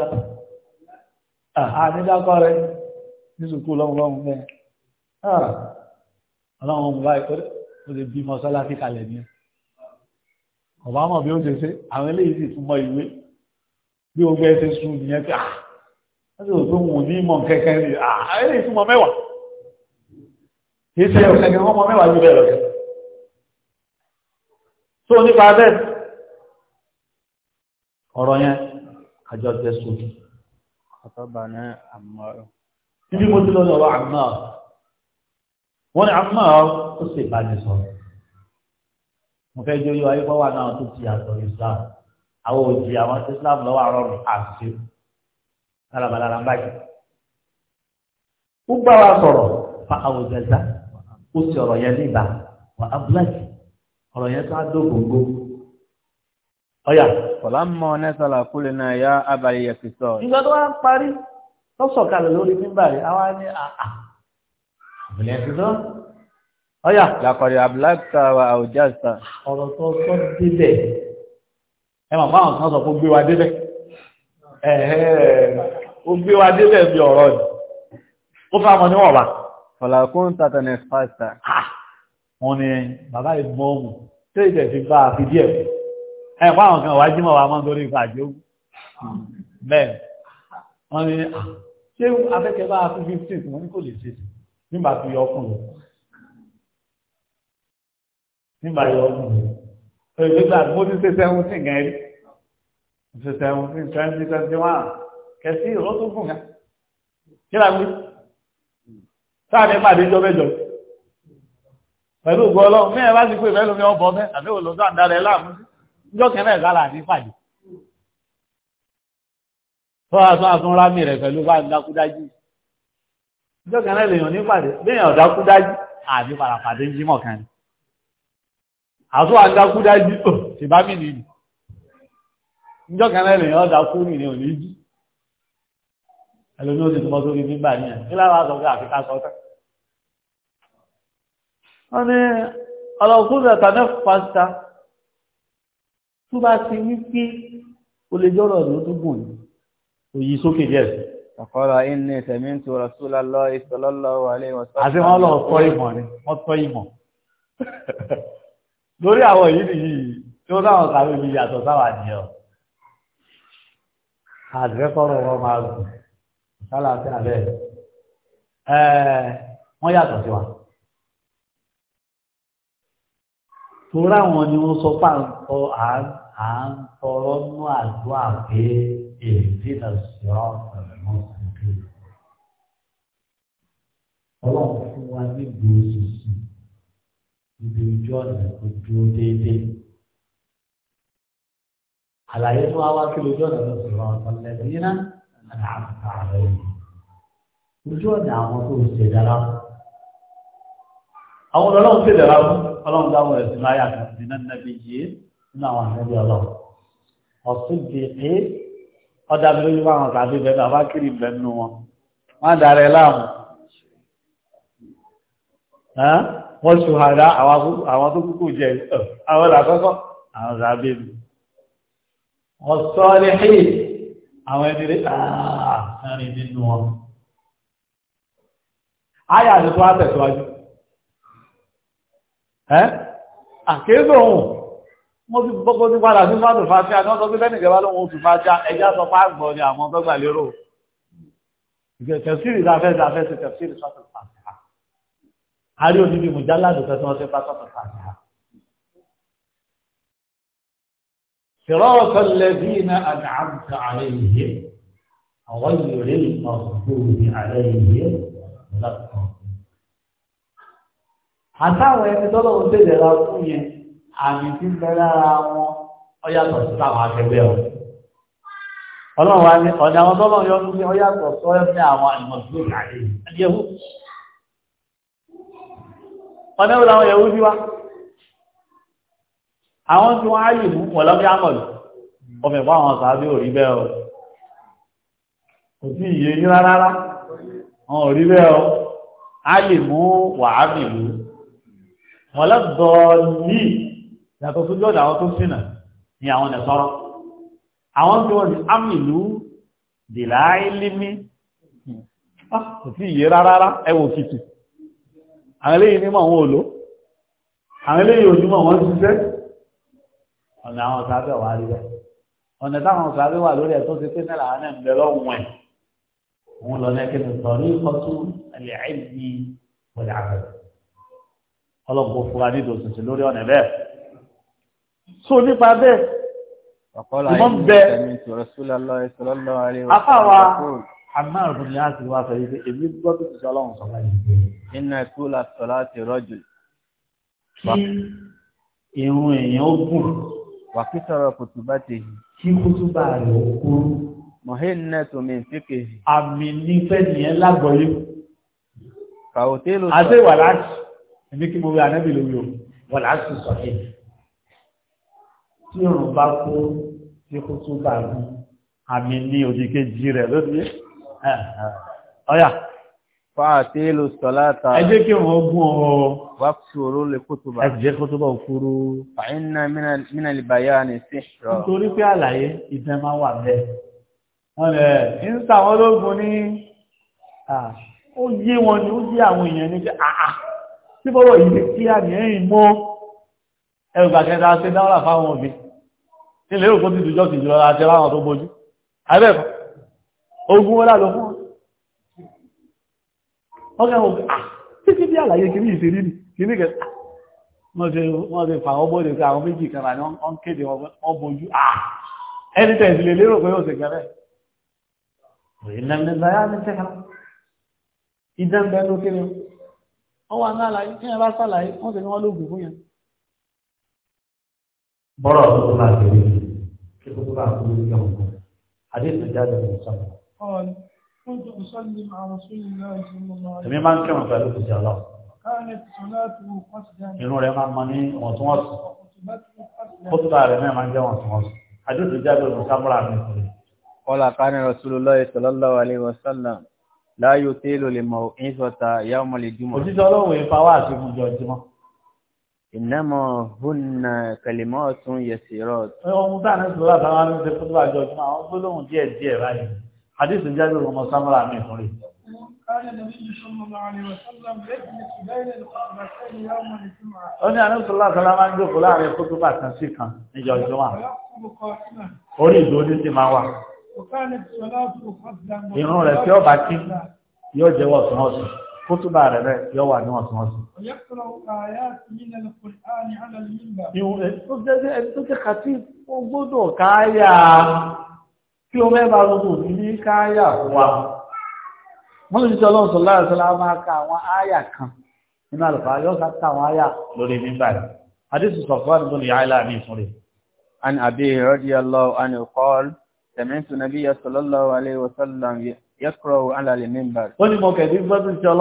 S1: ànídàkọ́ rẹ̀ ní sùkú lọ́wọ́lọ́wọ́ bẹ́ẹ̀ ọlọ́run ọmọ báyìí ó lè bí mọ́sálásí kalẹ̀ ní ọ̀bá mọ̀ bí ó ṣe ṣe àwọn eléyìí sì tún mọ ìwé bí gbogbo ẹ ṣe sùn nìyẹn pé ah wọ́n sì tó wù ní mọ̀ kẹ́kẹ́ rí ààrẹ ìtumọ̀ mẹ́wàá ìṣẹ́ ọ̀kẹ́kẹ́ wọ́n mọ̀ mẹ́wàá jù bẹ́ẹ̀ lọ́kẹ́ tó nípa bẹ́ẹ̀ ọ̀rọ̀ yẹn àjọ tẹ́ sókè àtọ́bà ní àmọ́rọ̀ ibi mo ti lọ lọ́wọ́ àmọ́rọ̀ wọ́n ní àmọ́rọ̀ ó sì bàjẹ́ mo fẹ́ jẹ́ yọ ayé fọ́wọ́ náà tó ti àtọ̀ Islam àwọn òjì àwọn Islam lọ́wọ́ àrọ̀rùn àti alàbàlára báyìí wa sọ̀rọ̀ fa àwòjẹ̀dá O si ọ̀rọ̀ ya níbà wà ọ búláàkì ya yẹn tó á Ọya. gbòǹgbò mọ nẹ́sàlà kúlẹ̀ náà ya abalẹ̀ yẹ ti sọ. ìgbà tó wá ń parí lórí nígbà rẹ̀ àwa àà sọ. wa ọ̀rọ̀ tó sọ débẹ̀ ẹ mọ̀ kan sọ fún ó gbé wa débẹ̀ bí ọ̀rọ̀ ni ó fà mọ́ níwọ̀n wa. ọ̀là kún tàtàn ẹ̀ pàṣẹ. wọ́n ní bàbá ìmọ̀ọ́mù tó ìtẹ̀ fi bá a fi díẹ̀ fún ẹ̀ fún àwọn kan wá jímọ̀ wa mọ́ nítorí ìfà àjò bẹ́ẹ̀ wọ́n ní ah, ṣé afẹ́kẹ́ bá a fi fifteen wọ́n ní kò lè ṣe nígbà tó yọ ọkùnrin nígbà yọ ọkùnrin ẹ̀rọ ìgbà mo ti ṣe seventeen gan-an ṣe seventeen twenty twenty kẹsí ìrọ́ tó gùn gan kí la gbé sáàdé pàdé jọ mẹ́jọ pẹ̀lú ògbọ́ ọlọ́run mẹ́rin bá ti pé ìfẹ́ lómi ọbọ̀ mẹ́ àbí òlòdó àǹdarẹ̀ láàmú níjọ́ kẹ́rẹ́ ìgbàlà ní pàdé tọ́ àtú àtún rámì rẹ̀ pẹ̀lú bá dákúdájí níjọ́ kẹ́rẹ́ lèèyàn ní pàdé léèyàn dákúdájí àbí parapàdé ń jímọ̀ kan ni àtú àdákúdájí ò sì bá mì nìyí níjọ́ kẹ́rẹ́ lèèyàn dákú nìyí ò ní jí ẹlòmí ó sì túnmọ́ sórí nígbà ní ẹ̀ kí láwọn àṣọ pé àfikà sọ tán wọ́n ní ọlọ́kùnrin ẹ̀ta mẹ́fà pásítà tó bá ti wí pé o lè jọ́rọ̀ ló tó gùn òyì sókè díẹ̀ sí. ọ̀kọ́rọ̀ inú ìtẹ̀mí ń tura súlá lọ ìsọlọ́lọ́ wàlé wọ́sọ́. àti wọn lọ tọ́ ìmọ̀ ni wọ́n tọ́ ìmọ̀ lórí àwọn yìí nìyí tí ó dáhùn kàwé mi yàtọ̀ sáwà nìyẹn o àdìrẹ́kọ̀rọ̀ wọn máa sálà sí abẹ́ ẹ̀ wọ́n yàtọ̀ sí wa torí àwọn ni wọ́n sọ pàǹtọ́ à ń tọrọ nú àdúrà pé èdè náà sọ̀rọ̀ ọ̀rọ̀ ọlọ́run fún wa ní gbòòsìsì ibi ojú ọ̀nà tó dúró déédéé àlàyé tó wá wá kí ojú ọ̀nà tó sọ̀rọ̀ ọ̀tọ̀ lẹ́yìn náà àlàáfà rẹ̀ yìí. Ojú ọ̀nà àwọn tó ń ṣe dára. Àwọn ọlọ́run ṣe dára fún ọlọ́run dáwọn ẹ̀sìn láyà kan ní náà nàbí yìí nínú àwọn àmẹ́bí ọlọ́run. Ọ̀sùn di pé ọ̀dà mi lójú máa hàn tàbí bẹ́ẹ̀ bàbá kiri bẹ́ẹ̀ nínú wọn. Má darẹ̀ láàmú. Wọ́n ṣùhàdá àwọn tó kúkú jẹ àwọn làkọ́kọ́ àwọn làbẹ́bí. Ọ̀sọ́ ni hìí àwọn ẹni rẹ̀ ààrin ah! nínú wọn ayà ni tó wá tẹ̀síwájú ẹ́ àkéèdò ohun mo ti gbogbo ti padà sí sọ́dù fàájá ní ọjọ́ pípẹ́ nìjẹba lóhun oṣù fàájá ẹjá sọ fáàgbọ́ ni àwọn tọ́gbà lérò ìgbẹ̀tẹ̀sírì láfẹ́ láfẹ́ sí tẹ̀sírì sọ́dù fàájá a rí òní bí mo já ládùúgbẹ́ tí wọ́n ṣe bá sọ́dù fàájá صراط الذين أنعمت عليهم غير المغضوب عليهم ولا àtàwọn ẹni tọ́lọ̀ ń bèèrè ra fún yẹn àmì tí ń bẹ lára wọn ó yàtọ̀ sí táwọn akẹgbẹ́ ọ ọlọ́run wa ní ọ̀dà àwọn tọ́lọ̀ yọ ní ó yàtọ̀ sọ ẹ̀fẹ́ àwọn àìmọ̀tò kàlẹ́ ẹ̀yẹ̀wò ọ̀dà wo làwọn yẹ̀wò bí wa àwọn tí wọ́n á yìí mú wọ́n lọ́bí àmọ̀lù ọmọ ìpá àwọn sàábí ò rí bẹ́ẹ̀ o kò sí ìyẹ yí rárá wọn ò rí bẹ́ẹ̀ o á yìí mú wàhálì mú wọ́n lọ́dọ̀ ní yàtọ̀ sójú ọ̀dà àwọn tó ṣìnà ni àwọn ẹ̀ sọ́rọ̀ àwọn tí wọ́n ti àmìlú dìláìlímí kò sí ìyẹ rárá ẹwọ kìtì àwọn eléyìí ní mọ̀ wọn ò àwọn eléyìí ojúmọ̀ wọn ṣiṣẹ́ ọ̀nà àwọn sábẹ́ wà rí bẹ́ẹ̀ ọ̀nà táwọn sábẹ́ wà lórí ẹ̀ tó ti pé náà làwọn náà ń bẹ lọ́wọ́ ẹ̀ òun lọ lẹ́kẹ́ ní sọ ní ìkọ́tú ẹ̀lẹ́ àìsí ọ̀lẹ́ àbẹ̀ ọlọ́gbọ̀n fúra nídò tuntun lórí ọ̀nà bẹ́ẹ̀ so nípa bẹ́ẹ̀ ìmọ̀ bẹ́ẹ̀ afáwa amáàrùn fún ní àti wá fẹ́ yìí èmi gbọ́dọ̀ ti sọ ọlọ́run sọ̀rọ̀ yìí. iná tó la sọ láti rọ́jò. kí irun èèyàn ó gùn wà kí sọ̀rọ̀ kùtùbá ti hì.
S2: kí kùtùbá rẹ̀
S1: ó kúrú. mọ̀hìn náà tó mi fíkè. àmì ní fẹ́ nìyẹn lágbọ̀ọ́yé. kàwọ́tẹ́ ló sọ. àti wàláàtì èmi kí mo wí ànábì lórí o wàláàtì sọ̀hìn. tí òrùn bá kú tí kùtùbá rẹ̀ àmì ní òdìkejì rẹ̀ lóde. ọ̀yà fàtílù sọ́látà ẹjẹ́ kí wọ́n gún ọ wá ṣòro lè kótóbà ẹjẹ́ kótóbà òfúrú fàínà mínàlì bàyá ní síṣọ́ nítorí pé àlàyé ìtẹ́ máa wà bẹ́ẹ̀ wọ́n lẹ̀ ń sàwọn ológun ní ó yé wọn ni ó yé àwọn èèyàn ní àà ah, ah, tí bọ́rọ̀ ìdí tí a ní ẹ̀yìn mọ́ ẹrù gbàkẹta ṣe dáwọ́là fáwọn òbí nílẹ̀ èrò ti dùjọ́ ti jùlọ láti láwọn tó bójú àbẹ́ẹ̀kọ́ ogun wọ́lá ọgá wọn ah, títí bí àlàyé kìíní ìṣèrí ni kìíní kẹ ah, wọ́n ṣe wọ́n ṣe fà ọgbọ́n kan ní wọ́n kéde ọbọ̀jú ah, ẹni tẹ̀sí lè lérò pé ó ṣe gẹ́rẹ́ ìlànà ìlàyà ní tẹ́kàlá ìdánbẹ́nu kéré wọ́n wà náà láyé tí wọ́n bá sàlàyé wọ́n tẹ̀lé wọ́n lóògùn fún yẹn bọ́rọ̀ tó máa kéré kí tó bá kú ní ọ̀gbọ̀n adé Èmi máa ń kírun pẹ̀lú kùsì ọlọ́.
S2: Inú rẹ̀ máa ń mọ ní ìwọ̀ntúnwọ̀nsì.
S1: Kótóbá rẹ̀ náà máa ń jẹ́ ìwọ̀ntúnwọ̀nsì. Àdúgbò jábọ̀ ìlú Sámúra mi kù. Qala kana Rasulullahi sallallahu alaihi wasallam la yutilu al-maw'izata yawm al-jumu'ah. Òjíṣẹ́ Ọlọ́run ìfà wà àti ìfúnjọ ìjímọ́. Innama hunna kalimatun yasirat. Ọmọ táà ní حديث جابر بن سمرة عن يقول
S2: قال النبي صلى الله عليه وسلم يجلس بين الله
S1: عليه وسلم عندي فلان يخطب بعد تنسيقا نجا الجمعة. أريد أن تسمع
S2: وكانت صلاته قبل. إنه لا تيو باكي
S1: يو جوا سموس خطبة ربع يو وانو سموس.
S2: ويقرأ آيات من القرآن
S1: على المنبر. يو تجد تجد خطيب كايا kí o mẹ́bàá gbogbo òní ní káyà fún wa wọ́n lè jọ lọ́sọ̀ láàrín sọ́lá máa ka àwọn áyà kan nínú àlùfáà yóò ká ká àwọn áyà lórí nígbà rẹ̀ adéṣù sọ̀fọ́ àdúgbò ní àìlà ní ìfúnre. an abi radiyallahu anhu qala sami'tu nabiyya sallallahu alayhi wa sallam yaqra'u 'ala al-minbar. ó ní mo kẹ̀bí gbọ́dún tó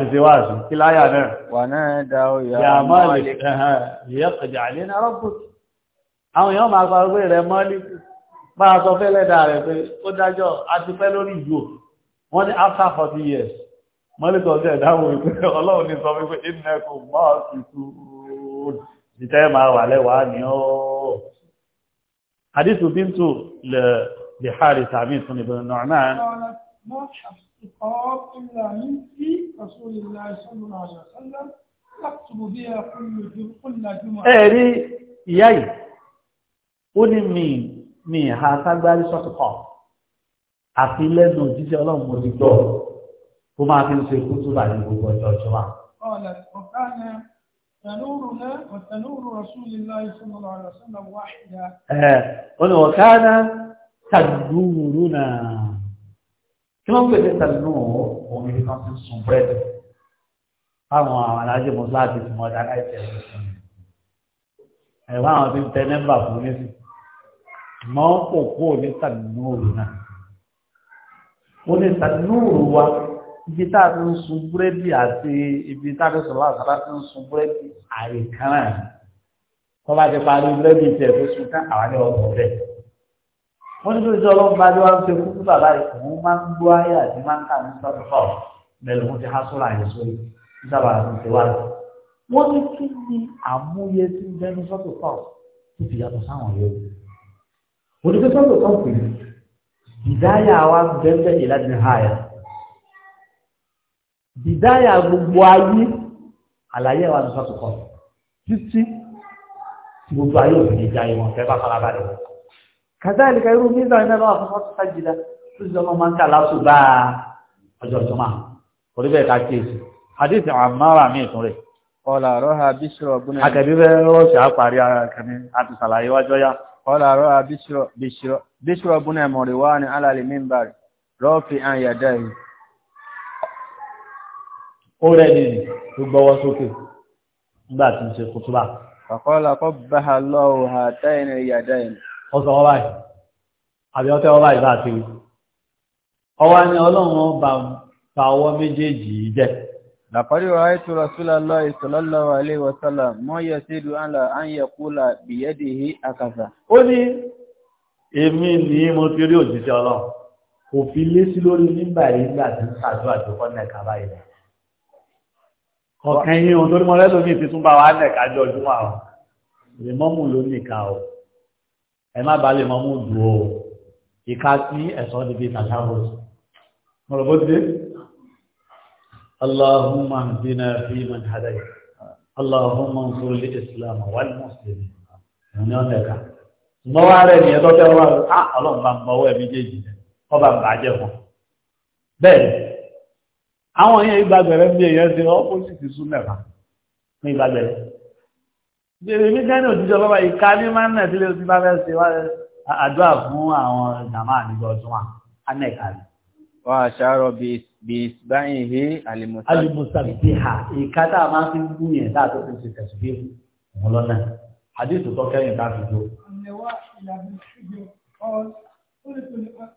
S1: ti fi wá sí kí láyà náà. wà náà dáwọ́ yà máa lè kàn án yẹ àwọn èèyàn máa sọ pé rẹ̀ mọ́lí bá a sọ fẹ́ lẹ́dà rẹ̀ pé ó dájọ́ a ti pẹ́ lórí ìgbò wọ́n ní after forty years mọ́lí sọ sí ẹ̀dáwò ìpé ọlọ́run ní sọ wípé ìnẹ́kù mọ́ọ̀sì tún ìtẹ́ máa wà ẹ̀rí ìyá yìí ó ní mi mi ha sagbari sọ́tù kọ́ àfi lẹ́nu òjíṣẹ́ ọlọ́run mo ti gbọ́ kó máa fi ń ṣe kú tó bàjẹ́ gbogbo ọjọ́ ọjọ́ wa.
S2: ọ̀lẹ̀ ọ̀gáàna tanúrùnà ọ̀tanúrù rasulillah ìṣúná ní
S1: ọ̀gáàna tanúrùnà kí wọ́n pè ní tanúrù òun ibi kan ti sùn fáwọn àwọn alájẹ mọ́sáàtì tí wọ́n dá láì tẹ̀lé ẹ̀wọ́n àwọn ti ń tẹ nẹ́mbà fún nísìnyí máa ń pọ̀ kó ní sànúrù náà wọ́n ní sànúrù wa ibi tá a ti ń sun búrẹ́dì àti ibi tá a ti sọ̀rọ̀ àtàrà ti ń sun búrẹ́dì àìkánná wọ́n bá ti parí búrẹ́dì tẹ̀ tó sun ká àwọn ní ọkọ̀ bẹ́ẹ̀. wọ́n ní lóṣù ọlọ́mọba ni wọ́n ń pe kúkú bàbá ìkùn máa ń gbọ́ ayé àti máa ń kà ní sọ́dọ̀fọ́ mẹ́lẹ̀ wọ́n ti há sọ́ra àyè sórí nígbàbà àti ìwà rẹ̀. wọ́n ní kí ni àmúyẹ tí ń bẹ́nu sọ́dọ̀fọ́ motivation to complete bidaya wa bẹ́ẹ̀ ìlà ní haya bidaya gbogbo ayé àlàyé wa nìkan tó kọ títí tí gbogbo ayé òfin ìjà ìwọ̀n fẹ́ bá fara balẹ̀ wọn. kàtà ìlú kẹrù mí náà iná lọ́wọ́ fún ọ́tún sájìlá tó sì lọ́mọ máa ń kà láṣù bá ọjọ́ ìjọmọ́ orí bẹ́ẹ̀ ká kíyèsí hadith àmàrà mi ìtún rẹ̀. ọ̀là rọ́ha bíṣọ̀ gbọ́nà. akẹ́bí fẹ́ rọ́ọ̀ṣì á parí ara kẹ́mi àti sàlàyé wájọ́ yá. قال رأى بشر بشر بشر بن مروان على المنبر رافعا O already tó gbọ́wọ́ sókè nígbà tí ń ṣe kútúbà faqala qabbaha Allahu hatayn al-yadayn ó sọ wọ́n báyìí àbí ọ́tẹ́ wọ́n bá ti ni ọlọ́run ọba ọwọ́ لقد رأيت رسول الله صلى الله عليه وسلم ما يسير على أن يقول بيده أكذا ó ní èmi ni mo ti rí òjíṣẹ́ Ọlọ́run kò fi lé sí lórí nígbà yìí nígbà tí ṣàdó àjọpọ̀ nẹ̀ka báyìí ọ̀kan yìí ohun tó ní mọ́lẹ́lò ní ìfisún bá wà nẹ̀ka jọ ọdún àwọn lè mọ́mù ló nìka o ẹ má bàa lè mọ́mù dùn o ìka tí ẹ̀sọ́ níbi tàṣàbọ̀ mọ̀rọ̀ bó ti dé اللهم اهدنا فيمن هديت اللهم انصر الاسلام والمسلمين ọ̀nàdẹ̀ka ما rẹ̀ ní ẹ̀tọ́ الله á ọlọ́run bá ń bọ́wọ́ ẹ̀mí jéjì kọ́ bá ń bàjẹ́ wọn bẹ́ẹ̀ àwọn èèyàn ìgbàgbẹ̀rẹ̀ bí èèyàn ṣe ọ́pọ́sìtì sún mẹ́fà ní ìgbàgbẹ̀rẹ̀ bèrè mí kẹ́ni òjíjọ bọ́bá ìka ní máa ń nà sílé tí bá fẹ́ ṣe wá àdúrà fún àwọn jàmáà nígbà ọdún wa á nẹ̀ka بإسبعه المسبحة إكاتا ما في الدنيا لا تفهم التسبيح مولانا حديث توكل تعرف جو
S2: النواحي بن حجر قال قلت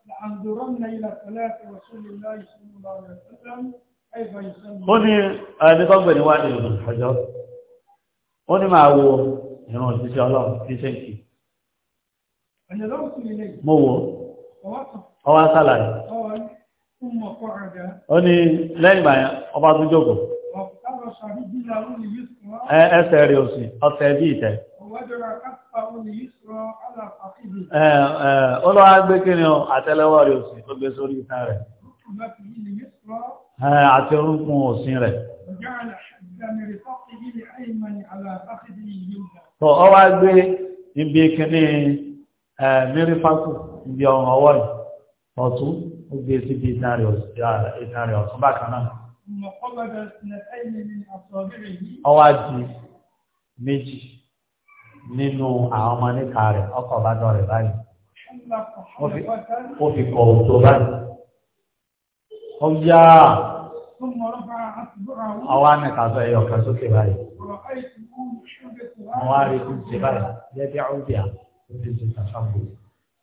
S2: لأنظرن إلى صلاة رسول الله صلى الله عليه وسلم كيف يصلي هوني
S1: أنا بقول نواحي بن حجر هوني ما هو ينون إن شاء الله في شيء أنا لو سمعت مو هو هو صلاة ó ní lẹ́yìn ìgbà ọba tó ẹsẹ̀ òsì ọ̀tẹ̀ bí ìtẹ̀ gbé ọ àtẹ́lẹwọ́ rẹ̀ òsì tó gbé sórí ìtàn rẹ̀
S2: àti orúnkún
S1: òsì rẹ̀ tó ọ gbé ibi kí ni mẹ́rífàkù ibi ọ̀rọ̀ ọwọ́ rẹ̀ ọ̀tún ó gbé síbi ìtàn rẹ̀ ọ̀tún bákan náà. ọwọ́ àti méjì nínú àwọn ọmọ níka rẹ̀ ọkọ̀ bá dọ̀ rẹ̀ báyìí. ó fi kọ̀ òtò báyìí. ó yá
S2: ọwọ́ àmìkà sọ ẹ̀yọ̀ kan sókè báyìí. wọ́n rí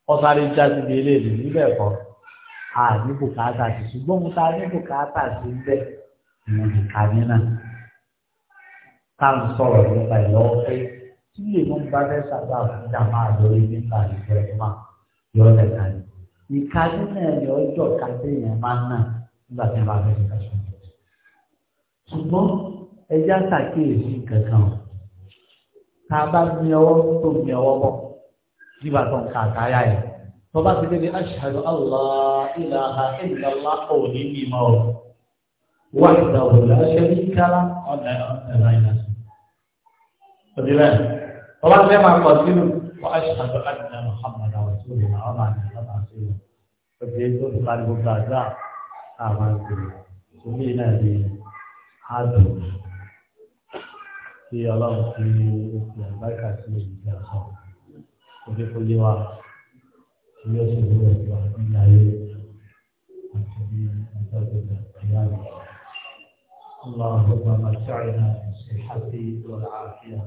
S1: ó ti jáde bí eléyìí níbẹ̀ a ní bùkátà sí ṣùgbọ́n mo ta ní bùkátà sí bẹ́ẹ̀ ìwọ̀n ìka nínà tá à ń sọ̀rọ̀ nípa ìlọ́wọ́ pé tí lè mọ́ bá fẹ́ sábà fún jàmá lórí nípa ìfẹ́ ìmọ̀ yọ lẹ́ka ni ìka nínà ni ọjọ́ kàtẹ́ yẹn máa ń nà nígbà tí wọ́n bá fẹ́ ṣe kàṣọ́ ṣùgbọ́n ẹja ṣàkíyèsí kankan o bá mi ọwọ́ tó mi ọwọ́ bọ̀ bí bàtọ̀ ń ka àkáyà yìí tọba ti débi aṣáájú allah ilaha illallah òní ní ìmọ̀ ọ̀rọ̀ wà ìdáwò láṣẹ ní kálá ọ̀nà ọ̀nà ìlàsì. òdìlẹ̀ tọba ti máa kọ̀ sínú wà aṣáájú adìyẹ muhammad àwọn tó lè náà máa ní ọ̀nà àti ìlú òdìlẹ̀ tó ti parí gbogbo àgbà àwọn ìgbìmọ̀ tó ní ìlànà ìlú àdùn tí ọlọ́run ti ó fi àgbáríkà sí ìgbà sọ òdìfúnlé wa. tí yóò ṣe gbogbo ẹ̀fọ́ nílé ayé àti اللهم متعنا بالصحة والعافية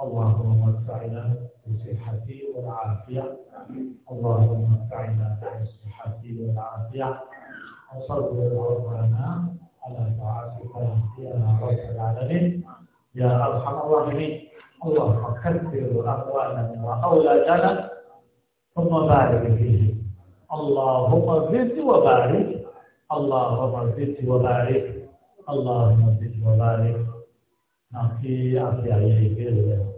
S1: اللهم متعنا بالصحة والعافية اللهم متعنا بالصحة والعافية وصل ربنا على طاعتك يا رب العالمين يا أرحم الراحمين اللهم كثر أقوالنا وأولادنا ثم بارك فيه اللهم زد وبارك اللهم زد وبارك اللهم زد وبارك نعطي أعطي عليه خير